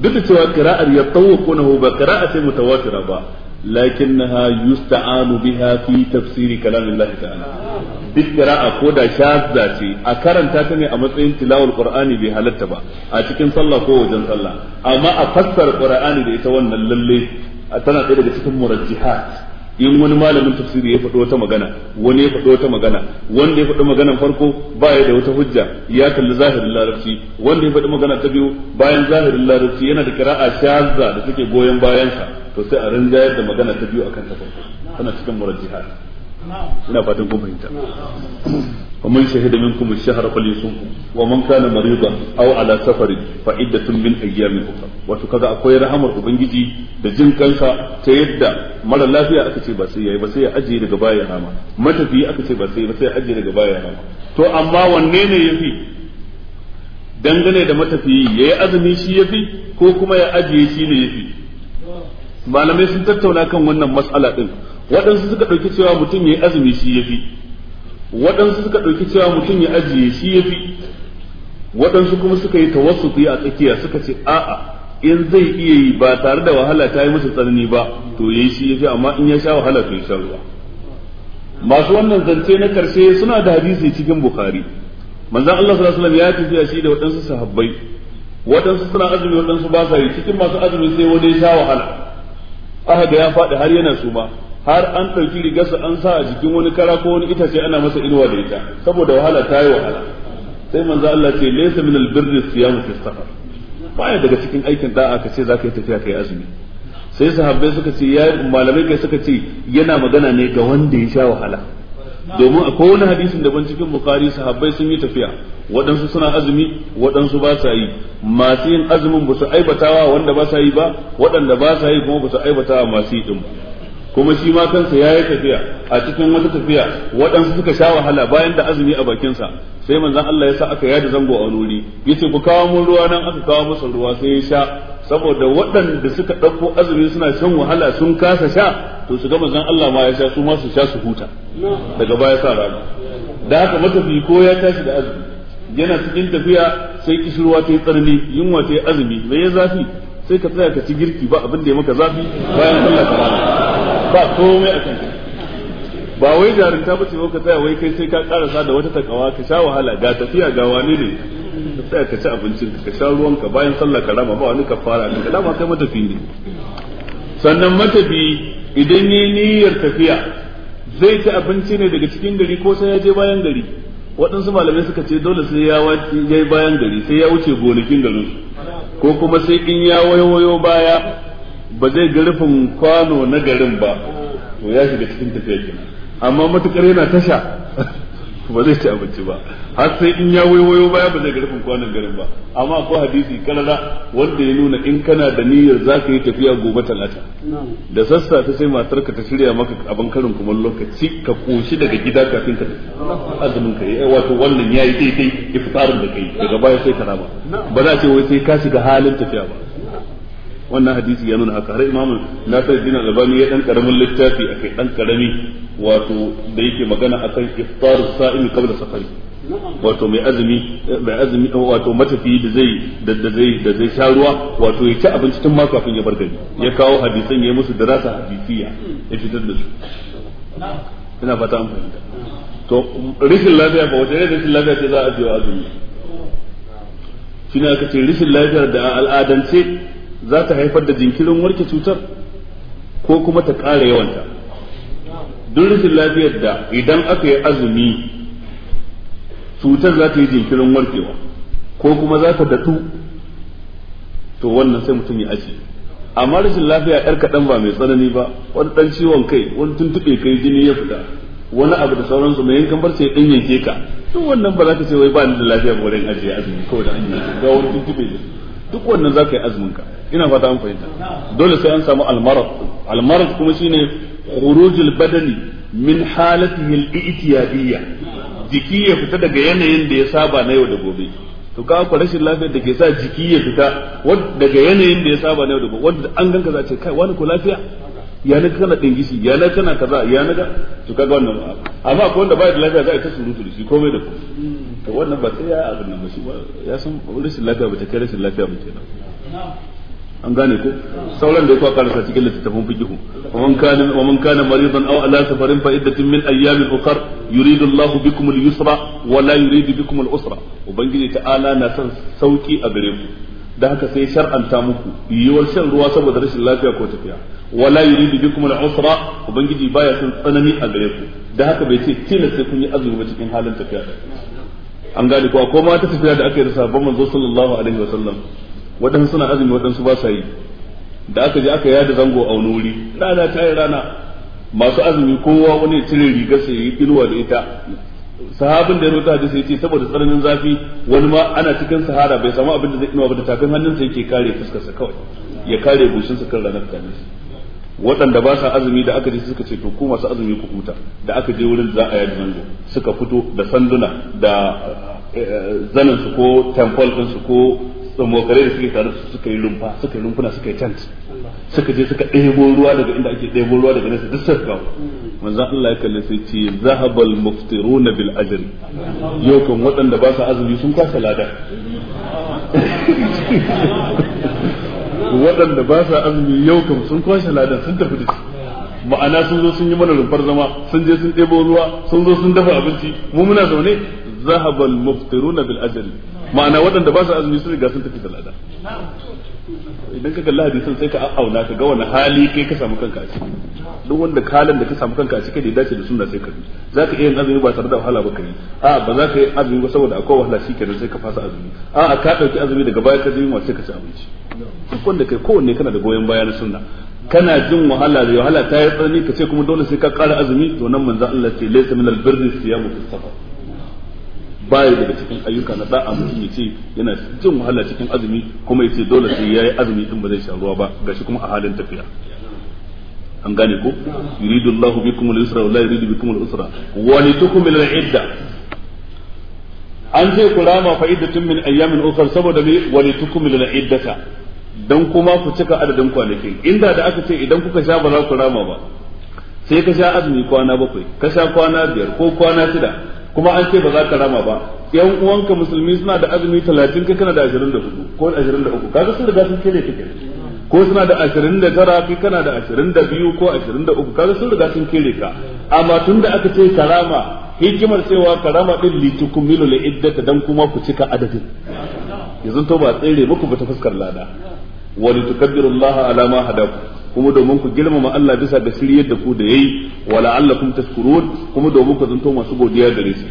duk da cewa qira'ar hu ba qira'a ce mutawatira ba لكنها يستعان بها في tafsiri كلام الله تعالى duk qira'a ko da shazza ce a karanta ta ne a matsayin tilawar qur'ani bai halatta ba a cikin sallah ko wajen sallah amma a fassar qur'ani da ita wannan lalle tana ɗaya daga cikin murajjihat in wani malamin tafsiri ya faɗo wata magana wani ya faɗo wata magana wanda ya faɗi maganar farko ba ya da wata hujja ya kalli zahirin larabci wanda ya faɗi magana ta biyu bayan zahirin larabci yana da kira'a shazza da suke goyon bayansa to sai a rinjayar da magana ta biyu akan ta farko tana cikin murajjihat ina fatan kun fahimta ومن شهد Wa الشهر فليصمه ومن كان ala safari. على سفر فعدة من ايام اخرى wato kaza akwai rahamar ubangiji da jin kansa ta yadda mara lafiya aka ce ba sai yayi ba sai ya ajiye daga baya rama matafi aka ce ba sai ba sai ya ajiye daga baya rama to amma wanne ne yafi dangane da matafiyi yayi azumi shi yafi ko kuma ya ajiye shi ne yafi malamai sun tattauna kan wannan mas'ala din waɗansu suka ɗauki cewa mutum ya yi azumi shi ya fi waɗansu suka ɗauki cewa mutum ya ajiye shi ya fi waɗansu kuma suka yi tawassufi a tsakiya suka ce a'a in zai iya yi ba tare da wahala ta yi masa tsanani ba to yi shi ya fi amma in ya sha wahala to ya sha ruwa masu wannan zance na karshe suna da hadisi cikin bukhari manzan Allah sallallahu alaihi wasallam ya tafi shi da waɗansu sahabbai waɗansu suna azumi waɗansu ba sa yi cikin masu azumi sai wani ya sha wahala aka ga ya faɗi har yana suma har an ɗauki rigarsa an sa a jikin wani kara ko wani itace ana masa inuwa da ita saboda wahala ta yi wahala sai manzo Allah ce laysa min albirri siyamu fi safar baya daga cikin aikin da ka ce zaka yi tafiya kai azumi sai sahabbai suka ce ya malamai kai suka ce yana magana ne ga wanda ya sha wahala domin akwai wani hadisin daban cikin bukari sahabbai sun yi tafiya waɗansu suna azumi waɗansu ba sa yi masu yin azumin ba su aibatawa wanda ba sa yi ba waɗanda ba sa yi kuma ba su aibatawa masu yi din kuma shi ma kansa ya yi tafiya a cikin wata tafiya waɗansu suka sha wahala bayan da azumi a bakinsa sai manzon Allah ya sa aka yada zango a wuri yace ku kawo mun ruwa nan aka kawo masa ruwa sai ya sha saboda waɗanda suka ɗauko azumi suna shan wahala sun kasa sha to su ga manzon Allah ma ya sha su ma su sha su huta daga baya sa rana da haka matafi ko ya tashi da azumi yana cikin tafiya sai kishirwa ta yi tsarni yunwa ta yi azumi me ya zafi sai ka tsaya ka ci girki ba abin da ya maka zafi bayan sallah ba komai a kanka ba wai jarunta ba ce ka tsaya wai kai sai ka karasa da wata takawa ka sha wahala ga tafiya ga wani ne ka tsaya ka ci abincin ka sha ruwan ka bayan sallah ka rama ba wani ka fara ka dama kai matafi ne sannan matafi idan yi niyyar tafiya zai ci abinci ne daga cikin gari ko sai ya je bayan gari waɗansu malamai suka ce dole sai ya je bayan gari sai ya wuce gonakin garin ko kuma sai in ya wayo baya ba zai ga rufin kwano na garin ba to ya shiga cikin tafiya kenan amma matukar yana tasha ba zai ci abinci ba har sai in ya waiwayo baya ba zai ga rufin kwanon garin ba amma akwai hadisi kalala wanda ya nuna in kana da niyyar za ka yi tafiya gobe talata da sassafe sai matarka ta shirya maka abin karin kuma lokaci ka koshi daga gida kafin ka tafi azumin ka yi eh, wato wannan ya yi daidai iftarin da kai daga baya sai ka rama ba za a ce wai sai ka shiga halin tafiya ba wannan hadisi ya nuna haka har imamu nasiruddin albani ya dan karamin littafi akai dan karami wato da yake magana akan iftar sa'imi qabla safari wato mai azumi mai azumi wato matafi da zai da zai da zai sha ruwa wato ya ci abinci tun ma kafin ya bar gari ya kawo hadisan ya musu darasa hadisiya ya fitar da su ina fata an fahimta to rishin lafiya ba wata rishin lafiya ce za a ajiye azumi shine aka ce rishin lafiyar da al'adance za ta haifar da jinkirin warke cutar ko kuma ta ƙara yawanta duk rashin lafiyar da idan aka yi azumi cutar za ta yi jinkirin warkewa ko kuma za ta datu to wannan sai mutum ya aji amma rashin lafiya yar kaɗan ba mai tsanani ba wani ɗan ciwon kai wani tuntuɓe kai jini ya fita wani abu da sauransu mai yankan sai ɗan yanke ka duk wannan ba za ka ce wai ba ni da lafiya ba wurin ajiye azumi kawai da an yi ga wani tuntuɓe duk wannan zaka yi azumin ka ina fata an fahimta dole sai an samu almarad almarad kuma shine khurujul badani min halatihi al-i'tiyadiyya jiki ya fita daga yanayin da ya saba na yau da gobe to ka ku rashin lafiya da ke sa jiki ya fita daga yanayin da ya saba na yau da gobe wanda an ganka za ce kai wani ko lafiya ya na kana dingishi ya na kana kaza ya na ga to kaga wannan amma akwai wanda bai da lafiya za a ta surutu da shi komai da komai to wannan ba sai ya abin nan ba shi ba ya san rashin lafiya ba ta kai rashin lafiya ba kenan an gane ko sauran da ya karasa cikin littattafan fikihu ومن كان ومن كان مريضا da haka sai shar'anta muku yiwuwar shan ruwa saboda rashin lafiya ko tafiya wala yuridu bikum al-usra ubangiji baya son tsanani a gare ku da haka bai ce sai kun yi azumi ba cikin halin tafiya an gane ko ko ma ta tafiya da aka yi da sabon manzo sallallahu alaihi wa sallam wadansu suna azumi wadansu ba sa yi da aka je aka yada zango a wani wuri rana ta yi rana masu azumi kowa wani ya cire rigar sa yi inuwa da ita sahabin da ya rubuta hadisi yace saboda tsananin zafi wani ma ana cikin sahara bai samu abin da zai inuwa ba da tafin hannunsa yake kare fuskarsa kawai ya kare gushinsa kan ranar ta waɗanda ba sa azumi da aka je suka ce to ko masu azumi ku huta da aka je wurin za a yi zango suka fito da sanduna da eh, eh, zanin su ko temple din su ko tsamokare da suke tare su suka yi rumfa suka yi rumfuna suka yi tent suka je suka ɗebo ruwa daga inda ake ɗebo ruwa daga nesa duk suka kawo manzon Allah ya kalli sai ce zahabal muftiruna bil ajri yau kan waɗanda ba su azumi sun kwasa lada waɗanda ba su azumi yau kan sun kwasa ladan sun tafi da ma'ana sun zo sun yi mana rumfar zama sun je sun ɗebo ruwa sun zo sun dafa abinci mu muna zaune zahaba al-muftiruna bil ajr ma'ana waɗanda ba su azumi sun riga sun tafi da idan ka kalli hadisin sai ka auna ka ga wani hali kai ka samu kanka a ciki duk wanda kalan da ka samu kanka a ciki da ya dace da sunna sai ka bi za ka iya yin azumi ba tare da wahala ba ka yi a ba za ka yi azumi ba saboda akwai wahala shi kenan sai ka fasa azumi a a ka ɗauki azumi daga baya ka je yunwa sai ka ci abinci duk wanda kai kowanne kana da goyon baya na sunna kana jin wahala da wahala ta yi tsanani ka ce kuma dole sai ka ƙara azumi to nan manzo Allah ce laysa min al-birri siyamu fi safar baya daga cikin ayyuka na da'a mutum ya ce yana jin wahala cikin azumi kuma ya ce dole sai ya yi azumi din ba zai sha ruwa ba ga shi kuma a halin tafiya an gane ko yuridu Allahu bikum al-yusra wa la yuridu bikum al-usra wa litukmilu al-idda an ce ku rama fa iddatun min ayyamin ukhra saboda me wa litukmilu al-iddata dan kuma ku cika adadin kwanakin inda da aka ce idan kuka sha ba za ku rama ba sai ka sha azumi kwana bakwai ka sha kwana biyar ko kwana shida kuma an ce ba za ka rama ba yan uwanka musulmi suna da azumi 30 kai kana da 24 ko 23 kaga sun riga sun kere kenan ko suna da 29 kai kana da 22 ko 23 kaga sun riga sun kere ka amma da aka ce karama hikimar cewa karama din litukumilu li iddata dan kuma ku cika adadin yanzu to ba tsere muku ba ta fuskar lada wa litukabbirullaha ala ma hadakum kuma domin ku girmama Allah bisa ga shiryar da ku da yayi wa la'allakum tashkurun kuma domin ku zanto masu godiya da shi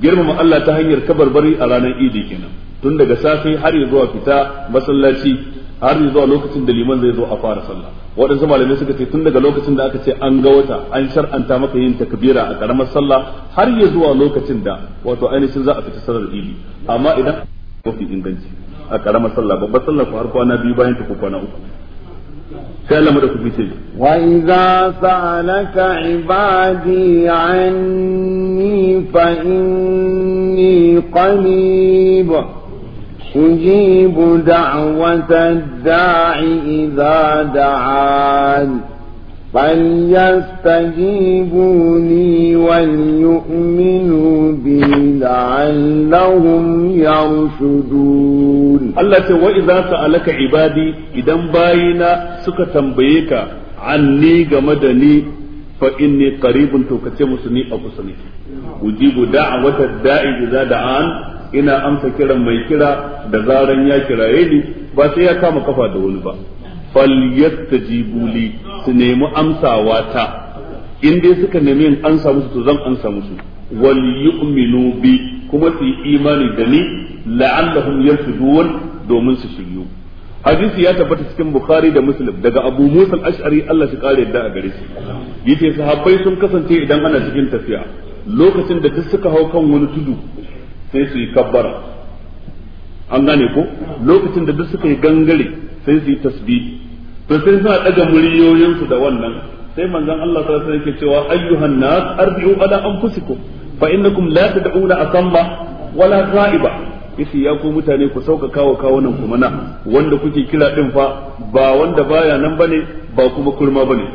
girmama Allah ta hanyar kabarbari a ranar Idi kenan tun daga safe har zuwa fita masallaci har zuwa lokacin da liman zai zo a fara sallah waɗansu malamai suka ce tun daga lokacin da aka ce an ga wata an shar'anta maka yin takbira a karamar sallah har ya zuwa lokacin da wato ainihin za a fita sallar Idi amma idan mafi inganci a karamar sallah babbar sallah ku har kwana biyu bayan ta ko kwana uku وإذا سألك عبادي عني فإني قريب أجيب دعوة الداع إذا دعاني فليستجيبوا لي وليؤمنوا بي لعلهم يرشدون الله تعالى وإذا سألك عبادي إذا باينا سكة بيك عني جمدني فإني قريب توكتي مسني أبو سني أجيب دعوة الدائي إذا دعان إنا أمسكرا kiran mai kira da zaran ya kiraye ni ba sai ya falyastajibu jibuli su nemi amsawa ta in dai suka nemi in ansa musu to zan ansa musu wal yu'minu bi kuma su yi imani da ni la'allahum yarshudun domin su shiryu hadisi ya tabbata cikin bukhari da muslim daga abu musa al-ash'ari Allah shi kare yadda a gare shi yace sahabbai sun kasance idan ana cikin tafiya lokacin da duk suka hau kan wani tudu sai su yi kabbara an gane ko lokacin da duk suka yi gangare sai su yi tasbih to sai suna daga muryoyinsu da wannan sai manzon Allah ta wasallam yake cewa ayyuhan nas arji'u ala anfusikum fa innakum la tad'una asamma wala ghaiba yace ya ku mutane ku kawo wa kawunan kuma na wanda kuke kira din fa ba wanda baya nan bane ba kuma kurma bane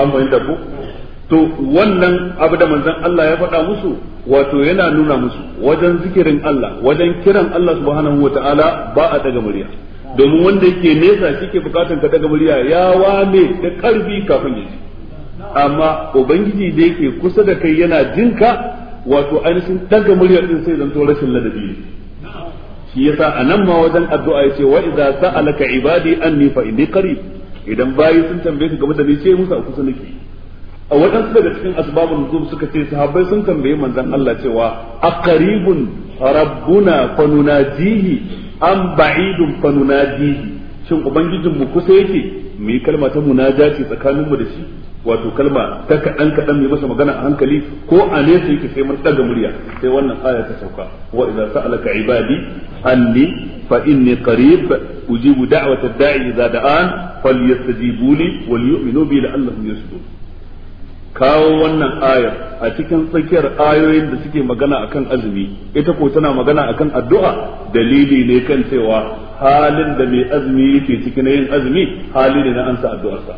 an fahimta ku to wannan abu da manzon Allah ya faɗa musu wato yana nuna musu wajen zikirin Allah wajen kiran Allah subhanahu wataala ba a daga murya domin wanda yake nesa shi ke bukatan ka daga murya ya wame da karfi kafin ya ji amma ubangiji da yake kusa da kai yana jinka wato ainihin daga murya din sai zanto rashin ladabi ne shi yasa anan ma wajen addu'a yace wa idza sa'alaka ibadi anni fa inni qarib idan bayi sun tambaye ka game da ni ce musu a kusa nake a waɗansu daga cikin asbabun nuzul suka ce sahabbai sun tambaye manzon Allah cewa aqribun rabbuna fa nunajihi an ba'idun fa nunajihi shin ubangijin mu kusa yake mu yi kalma ta munajati tsakanin mu da shi wato kalma ta kaɗan kaɗan mai masa magana a hankali ko a nesa yake sai mun ɗaga murya sai wannan aya ta sauka wa idza sa'alaka ibadi anni fa inni qarib ujibu da'wata da'i idza da'an falyastajibu li wal yu'minu bi la'allahum yasdurun kawo wannan ayar a cikin tsakiyar ayoyin da suke magana akan azumi ita ko tana magana akan addu'a dalili ne kan cewa halin da mai azumi yake cikin yin azumi hali ne na ansa addu'arsa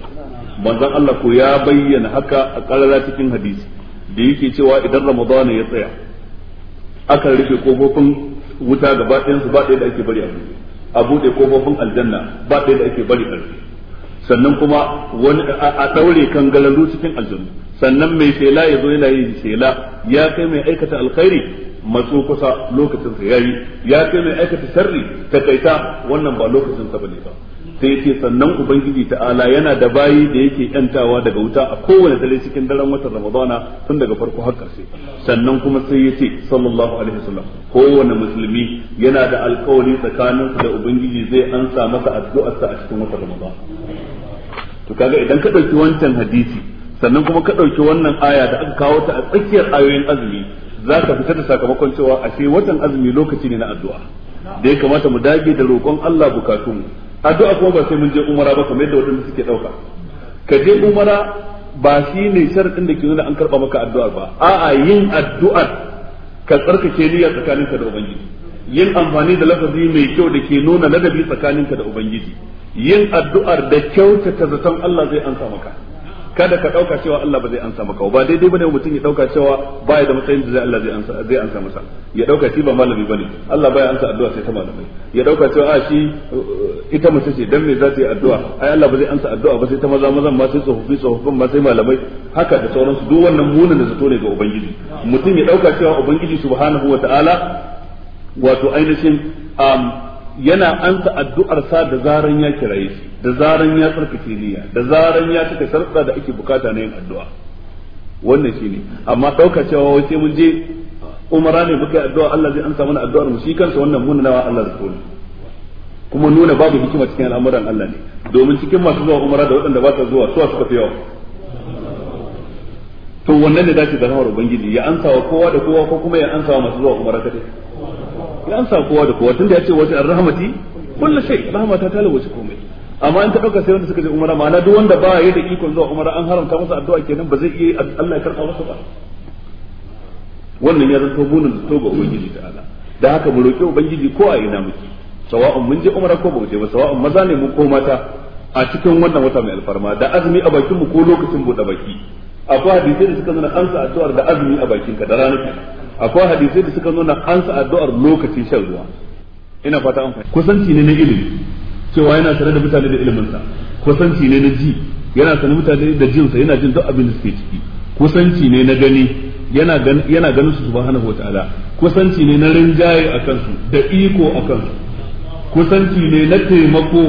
manzon Allah ko ya bayyana haka a karara cikin hadisi da yake cewa idan ramadana ya tsaya akan rufe kofofin wuta gaba ɗayan su ba ɗaya da ake bari a buɗe a buɗe kofofin aljanna ba ɗaya da ake bari a rufe sannan kuma wani a daure kan galaru cikin aljanna sannan mai shela ya zo yana yin shela ya kai mai aikata alkhairi matso kusa lokacin sa yayi ya kai mai aikata sharri kaita wannan ba lokacin sa bane ba sai yace sannan ubangiji ta'ala yana da bayi da yake yantawa daga wuta a kowane dare cikin daren watan ramadana tun daga farko har sannan kuma sai yace sallallahu alaihi wasallam kowane musulmi yana da alƙawari tsakaninsa da ubangiji zai ansa masa addu'arsa a cikin watan ramadana to kaga idan ka ɗauki wancan hadisi sannan kuma ka ɗauki wannan aya da aka kawo ta a tsakiyar ayoyin azumi za ka fita da sakamakon cewa ashe watan azumi lokaci ne na addu'a da ya kamata mu dage da roƙon Allah mu addu'a kuma ba sai mun je umara ba kamar yadda waɗanda suke ɗauka ka je umara ba shi ne sharadin da ke nuna an karɓa maka addu'a ba a'a yin addu'ar ka tsarkake niyya tsakaninka da ubangiji yin amfani da lafazi mai kyau da ke nuna ladabi tsakaninka da ubangiji yin addu'ar da kyautata zaton Allah zai ansa maka kada ka dauka cewa Allah ba zai ansa maka ba daidai bane mutum ya dauka cewa baya da matsayin da zai Allah zai ansa zai ansa masa ya dauka shi ba malami bane Allah baya ansa addu'a sai ta malamai ya dauka cewa a shi uh, ita mace ce dan me za ta yi addu'a ai Allah ba zai ansa addu'a ba sai ta maza mazan ma sai tsofaffi tsofaffin ma sai malamai haka da sauransu duk wannan munin da zato ne ga ubangiji mutum ya dauka cewa ubangiji subhanahu wataala wato ainihin um, yana ansa addu'ar sa da zaran ya kiraye shi da zaran ya tsarkake niyya da zaran ya cika sharɗa da ake bukata na yin addu'a wannan shine amma ɗauka cewa wai sai mun je umara ne muka addu'a Allah zai ansa mana addu'ar mu shi kansa wannan mun nawa Allah rasuli kuma nuna babu hikima cikin al'amuran Allah ne domin cikin masu zuwa umara da waɗanda ba su zuwa su suka fi yawa to wannan ne dace da rahmar ubangiji ya ansa wa kowa da kowa ko kuma ya ansa wa masu zuwa umara kadai ya sa kowa da kowa tunda ya ce wata rahmati kullu shay rahmata ta lawace komai amma in ta dauka sai wanda suka je umara ma'ana duk wanda ba ya da ikon zuwa umara an haramta masa addu'a kenan ba zai iya Allah ya karɓa masa ba wannan ya zanto bunin da toba ubangiji ta'ala da haka mu roki ubangiji ko a ina muke sawa'un mun je umara ko ba mu je ba sawa'un maza ne mu ko mata a cikin wannan wata mai alfarma da azumi a bakin mu ko lokacin bude baki akwai hadisi da suka nuna ansa addu'ar da azumi a bakin ka da ranar akwai hadisai da suka nuna an sa addu'ar lokacin shan ruwa ina fata an fahimta kusanci ne na ilimi cewa yana sanar da mutane da ilimin sa kusanci ne na ji yana sanar mutane da jin sa yana jin duk abin da suke ciki kusanci ne na gani yana yana ganin su subhanahu wataala kusanci ne na rinjaye a kansu da iko a kansu kusanci ne na taimako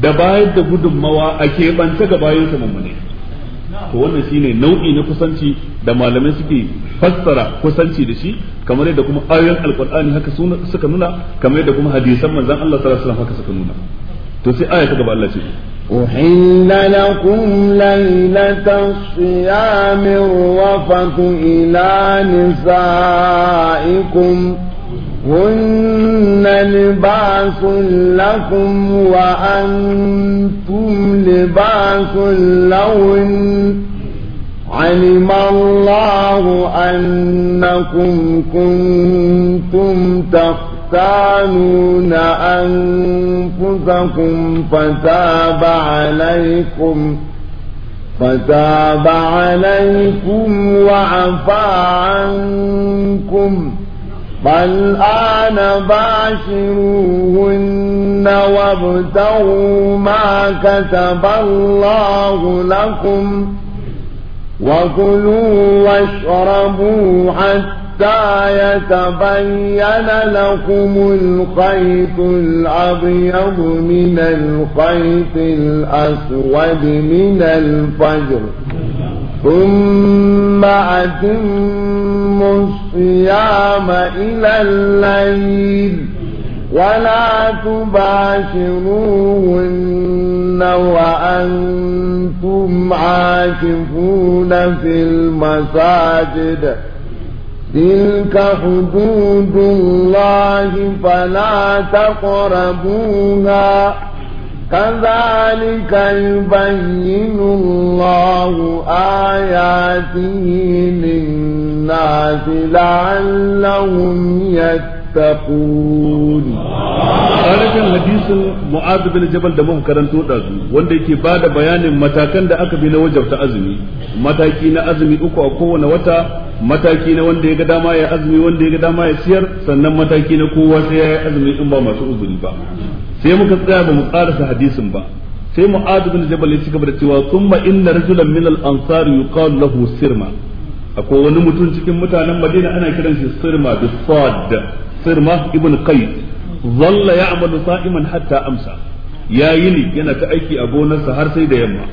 da bayar da gudunmawa a keɓance ga bayansa mummune to wannan shine nau'i na kusanci da malamai suke fassara kusanci da shi kamar yadda kuma ayoyin alqur'ani haka suka nuna kamar yadda kuma hadisan manzon Allah sallallahu alaihi wasallam haka suka nuna to sai aya ta gaba Allah ce أحل لكم ليلة الصيام الرفث إلى نسائكم هن لباس لكم وأنتم لباس لهن علم الله أنكم كنتم تختانون أنفسكم فتاب عليكم فتاب عليكم وعفى عنكم فالآن باشروهن وابتغوا ما كتب الله لكم وكلوا واشربوا حتى يتبين لكم الخيط الأبيض من الخيط الأسود من الفجر ثم أتم الصيام إلى الليل ولا تباشروهن وأنتم عاكفون في المساجد تلك حدود الله فلا تقربوها كذلك يبين الله آياته للناس لعلهم يتقون تتقون hadisin mu'adu jabal da muka karanto da yake ba bayanin matakan da aka bi na wajabta azumi mataki uku a kowane wata mataki na wanda ya siyar sannan mataki na kowa in ba masu uzuri ba sai muka tsaya ba mu karasa hadisin ba sai mu'adu jabal ya cigaba da cewa thumma inna rajulan min al-ansar yuqalu lahu sirma mutum cikin mutanen madina ana kiran shi sirma bisad sirma ibn kai zalla ya'malu sa'iman hatta amsa ya yini yana ta aiki a gonarsa har sai da yamma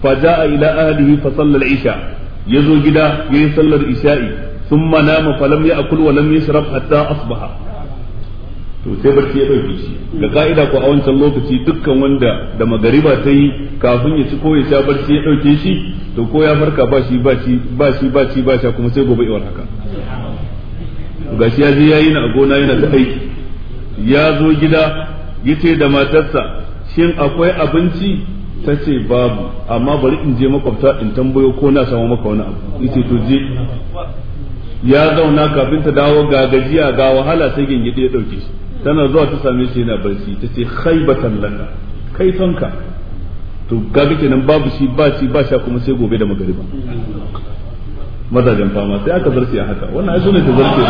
fa ja'a ila ahlihi fa salla al-isha yazo gida yayi sallar isha'i thumma nama fa lam ya'kul wa lam yashrab hatta asbaha to sai barci ya dauke shi ga ka'ida ko a wancan lokaci dukkan wanda da magariba ta yi kafin ya ci ko ya sha barci ya dauke shi to ko ya farka ba shi ba shi ba shi ba shi ba sha kuma sai gobe iwar haka gashi ya je yayi na a gona yana da aiki ya zo gida yace da matarsa shin akwai abinci ta ce babu amma bari in je makwabta in tambayo ko na samu maka wani abu yace to je ya zauna kafin ta dawo ga gajiya ga wahala sai gingide ya dauke shi tana zuwa ta same shi yana barci ta ce khaibatan lana kai sonka to ga kenan babu shi ba shi ba sha kuma sai gobe da magariba mazajen fama sai aka zarce a haka wannan ai ne ta zarce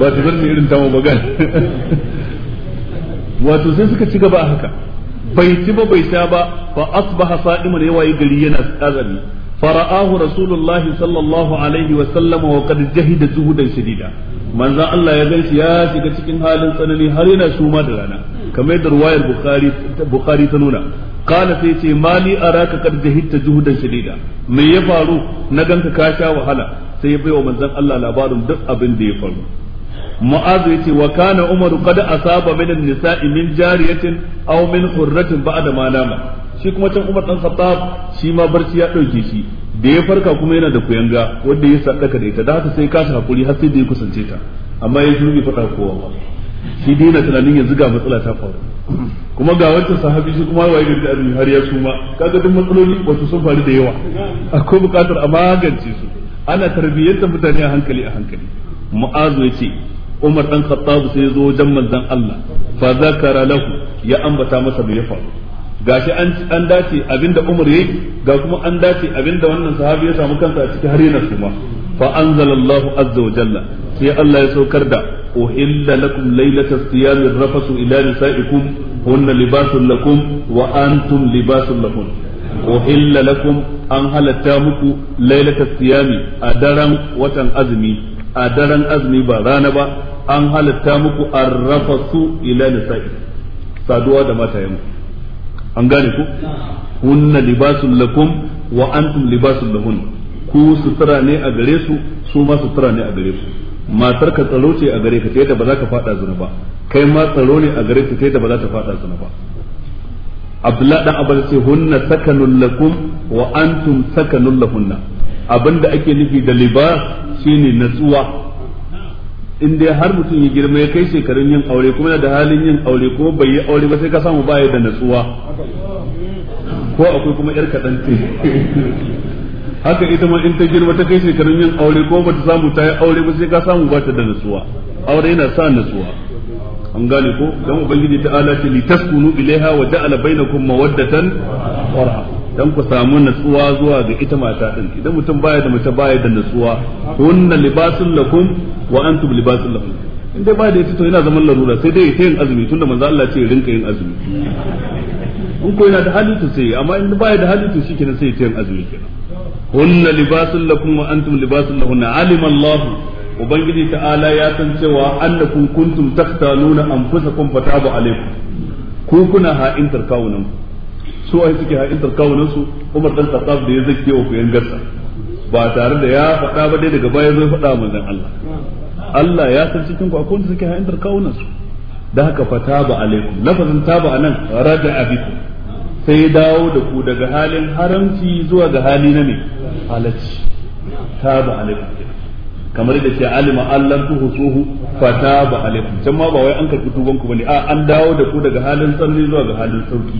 ba ta zarce irin tamu ba gan wato sai suka ci gaba a haka bai ci ba bai sha ba fa asbaha sa'iman yawa yi gari yana azami فرآه رسول الله صلى wa عليه وسلم وقد جهد جهودا شديدا من Allah ya يغنش ya shiga cikin halin tsanani har yana suma da rana kamar yadda ruwayar bukhari bukhari ta nuna kana sai ce mali araka kad jahitta juhudan shadida me ya faru na ganka ka sha wahala sai ya wa manzon Allah labarin duk abin da ya faru mu'az ya ce wa kana umaru kad asaba min an-nisa'i min jariyatin aw min hurratin ba'da ma nama shi kuma can umar dan khattab shi ma barci ya dauke shi da ya farka kuma yana da kuyanga wanda ya sadaka da ita da haka sai ka hakuri har sai da ya kusance ta amma ya zurbi fada kowa ba shi dina tunanin yanzu ga matsala ta faru kuma ga wancan sahabi shi kuma waye gari azumi har ya suma kaga duk matsaloli wato sun faru da yawa akwai bukatar a magance su ana tarbiyyar mutane a hankali a hankali mu'azu ya Umar dan Khattab sai zo wajen manzon Allah fa zakara lahu ya ambata masa me ya faru gashi an an dace abinda Umar yayi ga kuma an dace abinda wannan sahabi ya samu kansa a cikin har yana suma fa anzalallahu azza wa jalla sai Allah ya saukar da uhilla lakum laylata siyami rafasu ila nisaikum hunna libasun lakum wa antum libasun lakum uhilla lakum an halatta muku laylata siyami a daren watan azumi a daren azumi ba rana ba an halatta muku arrafasu ila nisa'i saduwa da matayen an gane ku hunna libasun lakum wa antum libasun ku sutura ne a gare su su sutura ne a gare su matar ka tsaro ce a gare ka ta yadda ba za ka fada zina ba kai ma tsaro ne a gare ka ta yadda ba za ta fada zina ba Abdullahi dan abul ce hunna sakanul lakum wa antum sakanul lahunna abinda ake nufi da libas shine natsuwa in dai har mutum ya girma ya kai shekarun yin aure kuma da halin yin aure ko bai yi aure ba sai ka samu baya da natsuwa ko akwai kuma yar kaɗan ce haka ita ma in ta girma ta kai shekarun yin aure ko ba ta samu ta yi aure ba sai ka samu ba ta da nutsuwa aure yana sa nutsuwa an gane ko dan ubangiji ta ala ce li taskunu ilaiha wa ja'ala bainakum mawaddatan wa rahma dan ku samu nasuwa zuwa ga ita mata din idan mutum baya da mace baya da nasuwa kunna libasul lakum wa antum libasul lakum in dai baya da ita to yana zaman larura sai dai ita yin azumi tunda manzo Allah ce rinka yin azumi in ko yana da hali to sai amma in baya da hali to shikenan sai ita yin azumi kenan hunna libasun lakum wa antum libasun lahunna alima Allah ubangiji ta'ala ya san cewa annakum kuntum nuna anfusakum fataba alaikum ku kuna ha'intar kawunan su suke ha'intar kawunan su Umar dan Khattab da ya zake wa kuyan gasa ba tare da ya faɗa ba dai daga baya zai faɗa manzon Allah Allah ya san cikin ku akwai suke ha'intar kawunan su da haka sai dawo da ku daga halin haramci zuwa ga hali na ne halacci ta ba kamar da ke alima allan fa ta ba alaikum can ma ba wai an karbi tuban ku bane a an dawo da ku daga halin tsanani zuwa ga halin sauki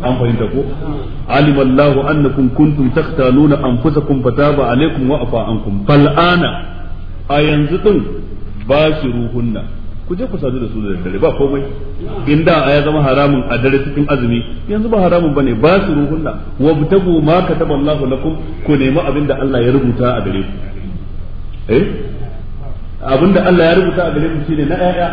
an fahimta ko alima allahu annakum kuntum takhtanuna anfusakum fataba alaikum wa afa ankum fal ana a yanzu din ba shi ruhunna ku je ku sadu da su da daddare ba komai in da ya zama haramun a dare cikin azumi yanzu ba haramun bane ba su ruhunna wa butagu ma kataba Allahu lakum ku nemi abinda Allah ya rubuta a gare ku eh abinda Allah ya rubuta a gare ku shine na ayya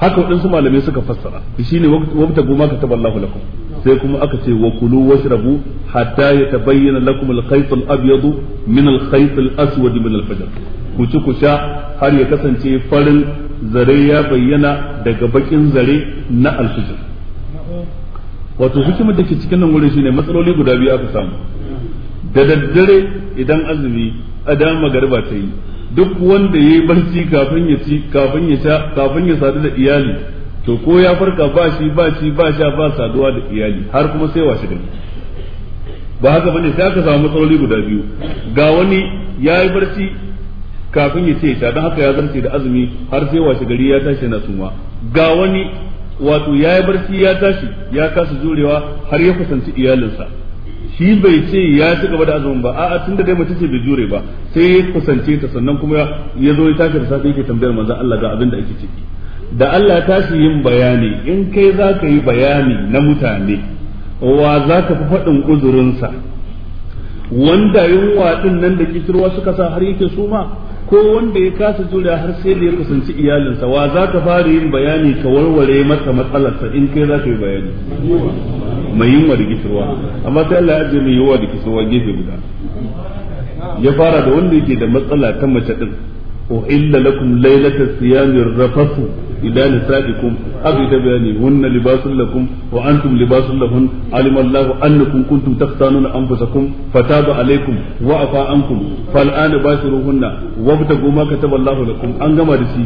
haka waɗansu malamai suka fassara shine wabtagu ma kataba Allahu lakum sai kuma aka ce wa kulu washrabu hatta yatabayyana lakum al-khayt al-abyad min al-khayt al-aswad min al-fajr ku ci ku sha har ya kasance farin zare ya bayyana daga bakin zare na alfijir wato hikimar da ke cikin nan wurin shine matsaloli guda biyu aka samu da daddare idan azumi adam magariba ta yi duk wanda ya yi barci kafin ya ci kafin ya sha kafin ya sadu da iyali to ko ya farka ba shi ba shi ba sha ba saduwa da iyali har kuma sai washe gari ba haka bane sai aka samu matsaloli guda biyu ga wani ya yi barci kafin ya ce ta dan haka ya zarce da azumi har sai washe gari ya tashi na suma ga wani wato ya yi barci ya tashi ya kasa jurewa har ya kusanci iyalinsa shi bai ce ya ci gaba da azumin ba a'a tunda dai mace ce bai jure ba sai ya kusance ta sannan kuma ya zo ya tashi da safe yake tambayar manzon Allah ga abin da ake ciki da Allah tashi yin bayani in kai za ka yi bayani na mutane wa za ka fi faɗin uzurinsa wanda yunwa ɗin nan da kitirwa suka sa har yake suma ko wanda ya kasa jura har sai da ya kusanci iyalinsa wa za ka fara yin bayani ka warware masa matsalarsa in kai za ka yi bayani mai yunwa da amma sai Allah ya ajiye mai yunwa da kisirwa gefe guda ya fara da wanda yake da matsala ta mace din أحل لكم ليلة الصيام الرفث إلى نسائكم أبي بياني هن لباس لكم وأنتم لباس لهن علم الله أنكم كنتم تختانون أنفسكم فتاب عليكم وعفى عنكم فالآن باشروهن وابتغوا ما كتب الله لكم أنجم رسي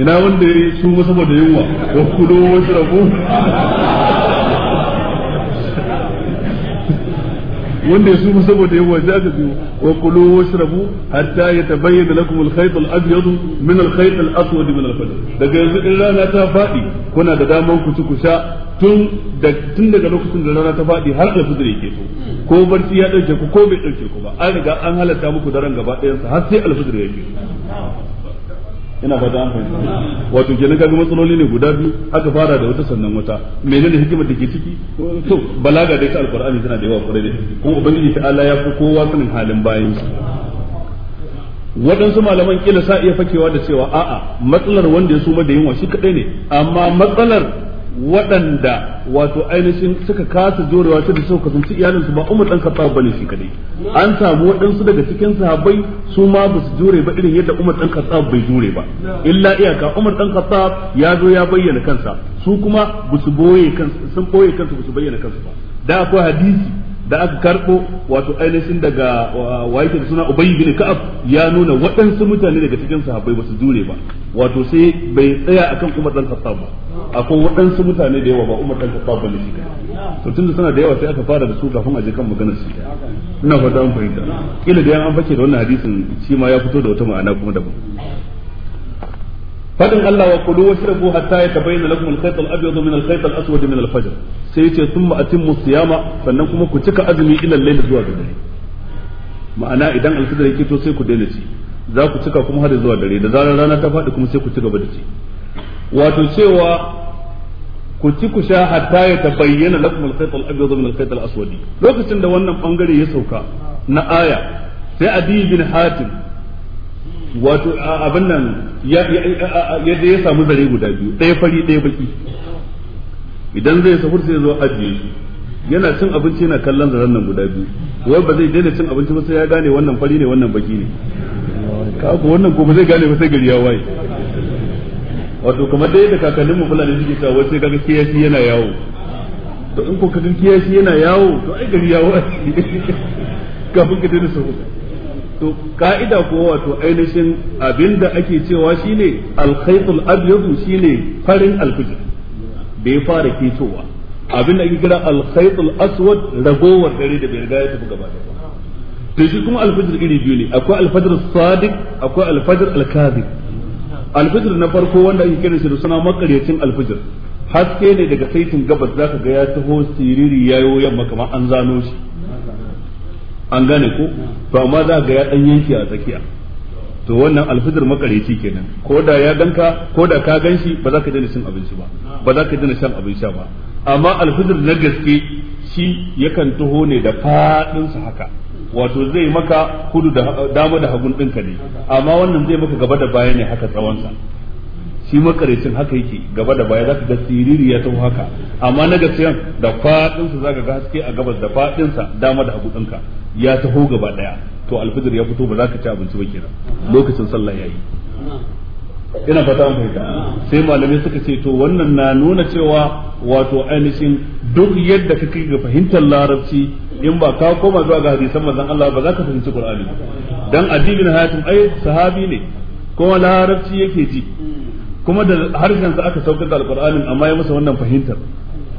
إنا وندري سوما سبا ديوا وكلوا واشربوا wanda ya suma saboda yawa za ka biyu wa kulu washrabu hatta yatabayyana lakum al-khayt al-abyad min al-khayt al-aswad min al-fajr daga yanzu in rana ta fadi kuna da daman ku ci ku sha tun da tun daga lokacin da rana ta faɗi har da fajr yake to ko barci ya dauke ku ko bai dauke ku ba an riga an halatta muku daren gaba ɗayan sa har sai al-fajr yake ina fata an fahimta wato kenan kaga matsaloli ne guda biyu aka fara da wata sannan wata menene hikimar da ke ciki to balaga da ta alqur'ani tana da yawa kwarai da ko ubangiji ta Allah ya fi kowa sanin halin bayan shi waɗansu malaman kila sa iya fakewa da cewa a'a matsalar wanda ya suma da yunwa shi kadai ne amma matsalar waɗanda wato ainihin suka kasa jorewa ta da suka kasance su ba umar dan ba bane shi kadai an samu waɗansu daga cikin sahabbai su ma ba su jure ba irin yadda umar dan khattab bai jure ba illa iyaka umar ɗan khattab ya zo ya bayyana kansa su kuma ba su boye kansu sun boye kansu ba su bayyana kansu ba da akwai hadisi da aka karbo wato ainihin daga waike da suna ubayy bin ka'ab ya nuna waɗansu mutane daga cikin sahabbai ba su jure ba wato sai bai tsaya akan umar dan khattab ba akwai waɗansu mutane da yawa ba umar dan khattab ba ne shi to tunda suna da yawa sai aka fara da su kafin a je kan maganar su ina fata an fahimta kila da an fake da wannan hadisin shi ma ya fito da wata ma'ana kuma daban Faɗin Allah wa kulu washrabu hatta yatabayyana lakum al-khayt al-abyad min al-khayt al-aswad min al-fajr sai yace thumma atimmu siyama sannan kuma ku cika azumi ila al-layl zuwa dare ma'ana idan al-fajr yake to sai ku daina ci za ku cika kuma har zuwa dare da zarar rana ta faɗi kuma sai ku ci da ci wato cewa ku ci ku sha al min al lokacin da wannan bangare ya sauka na aya sai adi bin hatim wato abin nan yadda ya samu zare guda biyu ɗaya fari ɗaya baki idan zai sahur sai zo ajiye shi yana cin abinci yana kallon zaren nan guda biyu wai ba zai daina cin abinci ba sai ya gane wannan fari ne wannan baki ne ka wannan ko ba zai gane ba sai gari ya waye wato kamar dai da kakannin mu fulani suke cewa wai sai kaga kiyashi yana yawo to in ko kaga kiyashi yana yawo to ai gari ya waye kafin ka daina sahur to ka'ida ko wato ainihin abinda ake cewa shine alkhaytul abyadu shine farin alfijir Bai fara ketowa abinda ake kira alkhaytul aswad ragowar dare da bai riga ya tafi gaba to shi kuma alfijir iri biyu ne akwai alfajr sadiq akwai alfajr alkazib alfijir na farko wanda ake kiran shi da suna makaryacin alfijir haske ne daga saitin gabas zaka ga ya taho siriri yayo yamma kamar an zano shi an gane ko to amma za ga ya dan yanki a tsakiya to wannan alfijir makareci kenan ko da ya ganka ko da ka ganshi ba za ka daina cin abinci ba ba za ka daina shan abin sha ba amma alfijir na gaske shi yakan taho ne da fadin sa haka wato zai maka kudu da dama da hagun ɗinka ne amma wannan zai maka gaba da baya ne haka tsawonsa shi makarecin haka yake gaba da baya zaka ga siriri ya taho haka amma na gaske da fadin sa zaka ga haske a gabas da fadin sa dama da hagun ɗinka ya taho gaba daya to alfajir ya fito ba za ka ci abinci ba kenan lokacin sallah yayi ina fata an fahimta sai malamai suka ce to wannan na nuna cewa wato ainihin duk yadda ka kai ga fahimtar larabci in ba ka koma zuwa ga hadisan manzon Allah ba za ka fahimci Qur'ani dan adibin hayatin ai sahabi ne kuma larabci yake ji kuma da harshen sa aka saukar da alqur'anin amma ya masa wannan fahimtar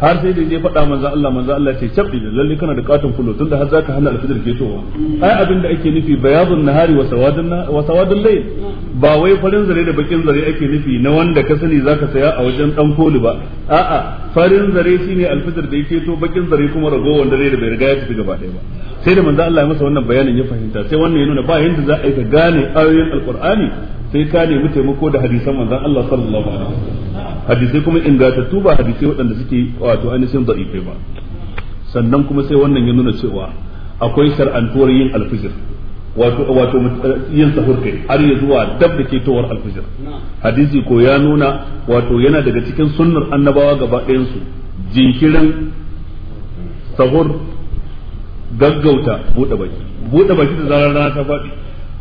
har sai da je faɗa manzo Allah manzo Allah ce cabbi da lalle kana da katon fulo tunda har zaka hana alfijir ke towa ai abin da ake nufi bayadun nahari wa sawadun wa sawadun layl ba wai farin zare da bakin zare ake nufi na wanda ka sani zaka saya a wajen dan koli ba a'a farin zare shine alfijir da yake to bakin zare kuma ragowar dare da bai riga ya tafi gaba ɗaya ba sai da manzo Allah ya masa wannan bayanin ya fahimta sai wannan ya nuna ba yanda za a yi ka gane ayoyin alqur'ani sai ka nemi taimako da hadisan manzo Allah sallallahu alaihi wasallam hadisai kuma ingantattu ba hadisai waɗanda suke wato ainihin da'ifai ba sannan kuma sai wannan ya nuna cewa akwai shar'antuwar yin alfijir wato wato yin sahur kai har ya zuwa dab da tawar alfijir hadisi ko ya nuna wato yana daga cikin sunnar annabawa gaba ɗayansu. su jinkirin sahur gaggauta buɗe baki buɗe baki da zarar rana ta faɗi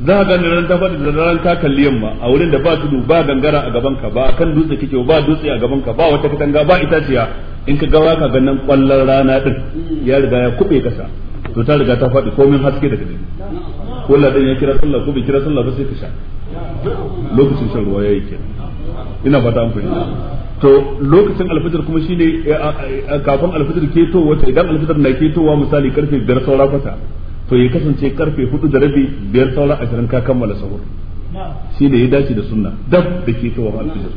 za ka gani ran tabbata da ran ta kalli yamma a wurin da ba tudu ba gangara a gaban ka ba kan dutse kike ba dutse a gaban ka ba wata katanga ba itaciya in ka gawa ka ganin kwallon rana din ya riga ya kube kasa to ta riga ta faɗi komin haske daga dare ko ladan ya kira sallah ko bai kira sallah ba sai ka sha lokacin shan ruwa yayi kenan ina fata an fahimta to lokacin alfitar kuma shine eh, eh, kafin ke to wata idan alfitar na towa misali karfe 5 saura kwata to ya kasance karfe hudu da rabi biyar sauran ashirin ka kammala sahur shi ne ya dace da sunna dab da ke towa alfijir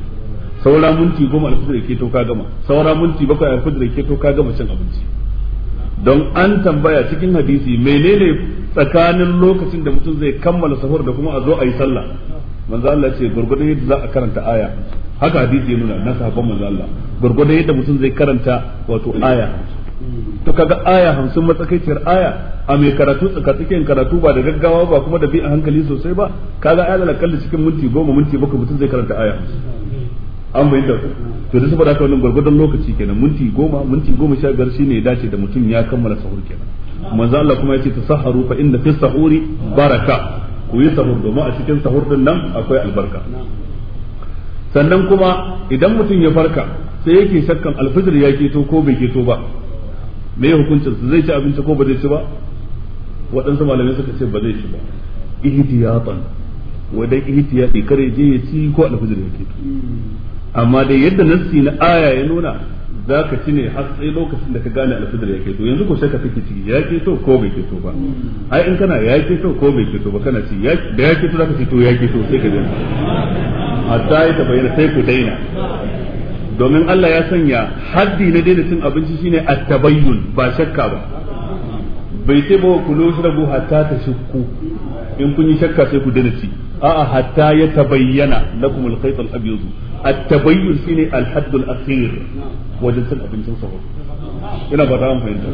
saura minti goma alfijir ke to ka gama saura minti bakwai alfijir ke to ka gama cin abinci don an tambaya cikin hadisi menene tsakanin lokacin da mutum zai kammala sahur da kuma a zo a yi sallah manzo Allah ce gurgurdan yadda za a karanta aya haka hadisi ya nuna na sahabban manzo Allah gurgurdan yadda mutum zai karanta wato aya to kaga aya hamsin matsakaiciyar aya a mai karatu tsakatsakin karatu ba da gaggawa ba kuma da bi a hankali sosai ba kaga aya da kalli cikin minti goma minti bakwai mutum zai karanta aya an bayyana da to da saboda haka wannan gwargwadon lokaci kenan minti goma minti goma sha biyar shine ya dace da mutum ya kammala sahur kenan manzo Allah kuma yace tasaharu fa inna fi sahuri baraka ku yi sahur domin a cikin sahur din nan akwai albarka sannan kuma idan mutum ya farka sai yake shakkan alfijir ya keto ko bai keto ba me ya hukuncin su zai ci abinci ko ba zai ci ba waɗansu malamai suka ce ba zai ci ba ihtiyatan dai ihtiyati kare je ya ci ko alfajir yake amma dai yadda nassi na aya ya nuna zaka ka ci ne har sai lokacin da ka gane alfajir yake to yanzu ko sai ka kake ciki ya to ko bai to ba ai in kana ya to ko bai to ba kana ci da ya to za ka ci to ya to sai ka gani hatta ya bayyana sai ku daina domin Allah ya sanya haddi na daina cin abinci shine at-tabayyun ba shakka ba bai sai ba kulu shrabu hatta tashukku in kun yi shakka sai ku daina ci a'a hatta ya tabayyana lakum al-khayt al-abyad at-tabayyun shine al-hadd al-akhir wajen cin abincin sahur ina ba ta fahimta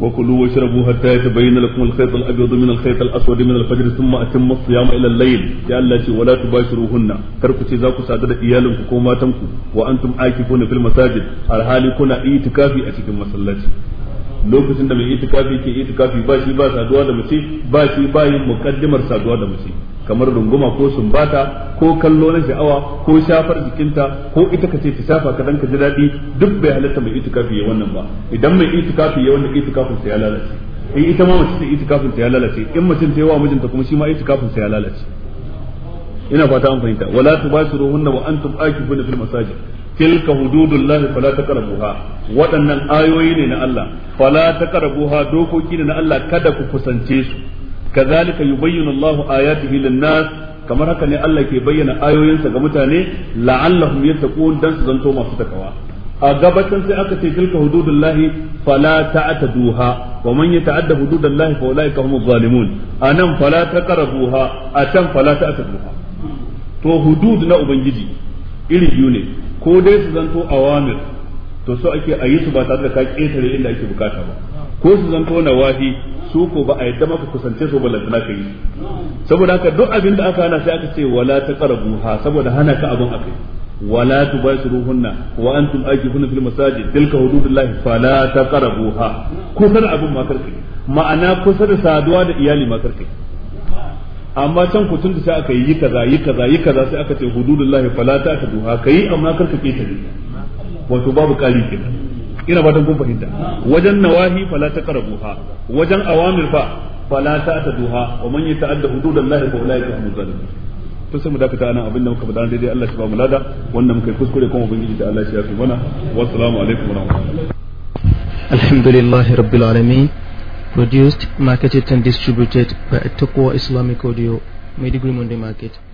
وكلوا واشربوا حتى يتبين لكم الخيط الابيض من الخيط الاسود من الفجر ثم اتموا الصيام الى الليل يا الله ولا تباشروهن ce za ku sadu da iyalinku ko matanku wa ko na fil masajid alhali kuna itikafi a cikin masallaci lokacin da mai itikafi ke itikafi ba shi ba saduwa da mace ba shi ba saduwa da mace kamar runguma ko sumbata ko kallo na sha'awa ko shafar jikinta ko ita ka ce ta shafa ka dan ka ji daɗi duk bai halatta mai itikafi ya wannan ba idan mai itikafi ya wannan itikafin sa ya lalace in ita ma mace itikafin ta ya lalace in mutum ta yi wa mijinta kuma shi ma itikafin sa ya lalace ina fata an fahimta wala tubashiruhunna wa antum akifuna fil masajid tilka hududullahi fala taqrabuha waɗannan ayoyi ne na Allah fala taqrabuha dokoki ne na Allah kada ku kusance su kazalika yubayyinu Allahu ayatihi lin-nas kamar haka ne Allah ke bayyana ayoyinsa ga mutane la'allahum yattaqun dan su zanto masu takawa a gabatan sai aka ce tilka hududullahi fala ta'taduha wa man yata'adda hududallahi fala taqrabuha atan fala to hudud na ubangiji iri biyu ne ko dai su zanto awamir to so ake a yi su ba tare da ka ƙetare inda ake bukata ba ko su zanto na wahi su ko ba a yadda maka kusance su ballantana ka yi saboda haka duk abin da aka hana sai aka ce wala ta qarabu ha saboda hana ka abin akai wala tu tubashiruhunna wa antum aqifuna fil masajid tilka hududullahi fala taqrabuha kusa da abin ma karkai ma'ana kusa da saduwa da iyali ma karkai amma can ku tun da sai aka yi kaza yi kaza yi kaza sai aka ce hududullahi fala taqrabuha kai amma karka ke ta wato babu kari kenan ina ba ta kun fahimta wajen nawahi fala ta taqrabuha wajen awamir fa fala ta ta'taduha wa man yata'adda hududallahi fa ulaika hum zalimun to sai mu dakata anan abin da muka faɗa daidai Allah shi ba mu lada wanda muka kuskure kuma ubangiji da Allah shi ya fi mana wa assalamu alaikum wa rahmatullahi alhamdulillah rabbil alamin produced marketed and distributed by Tokwa Islamic Audio Medigrim on market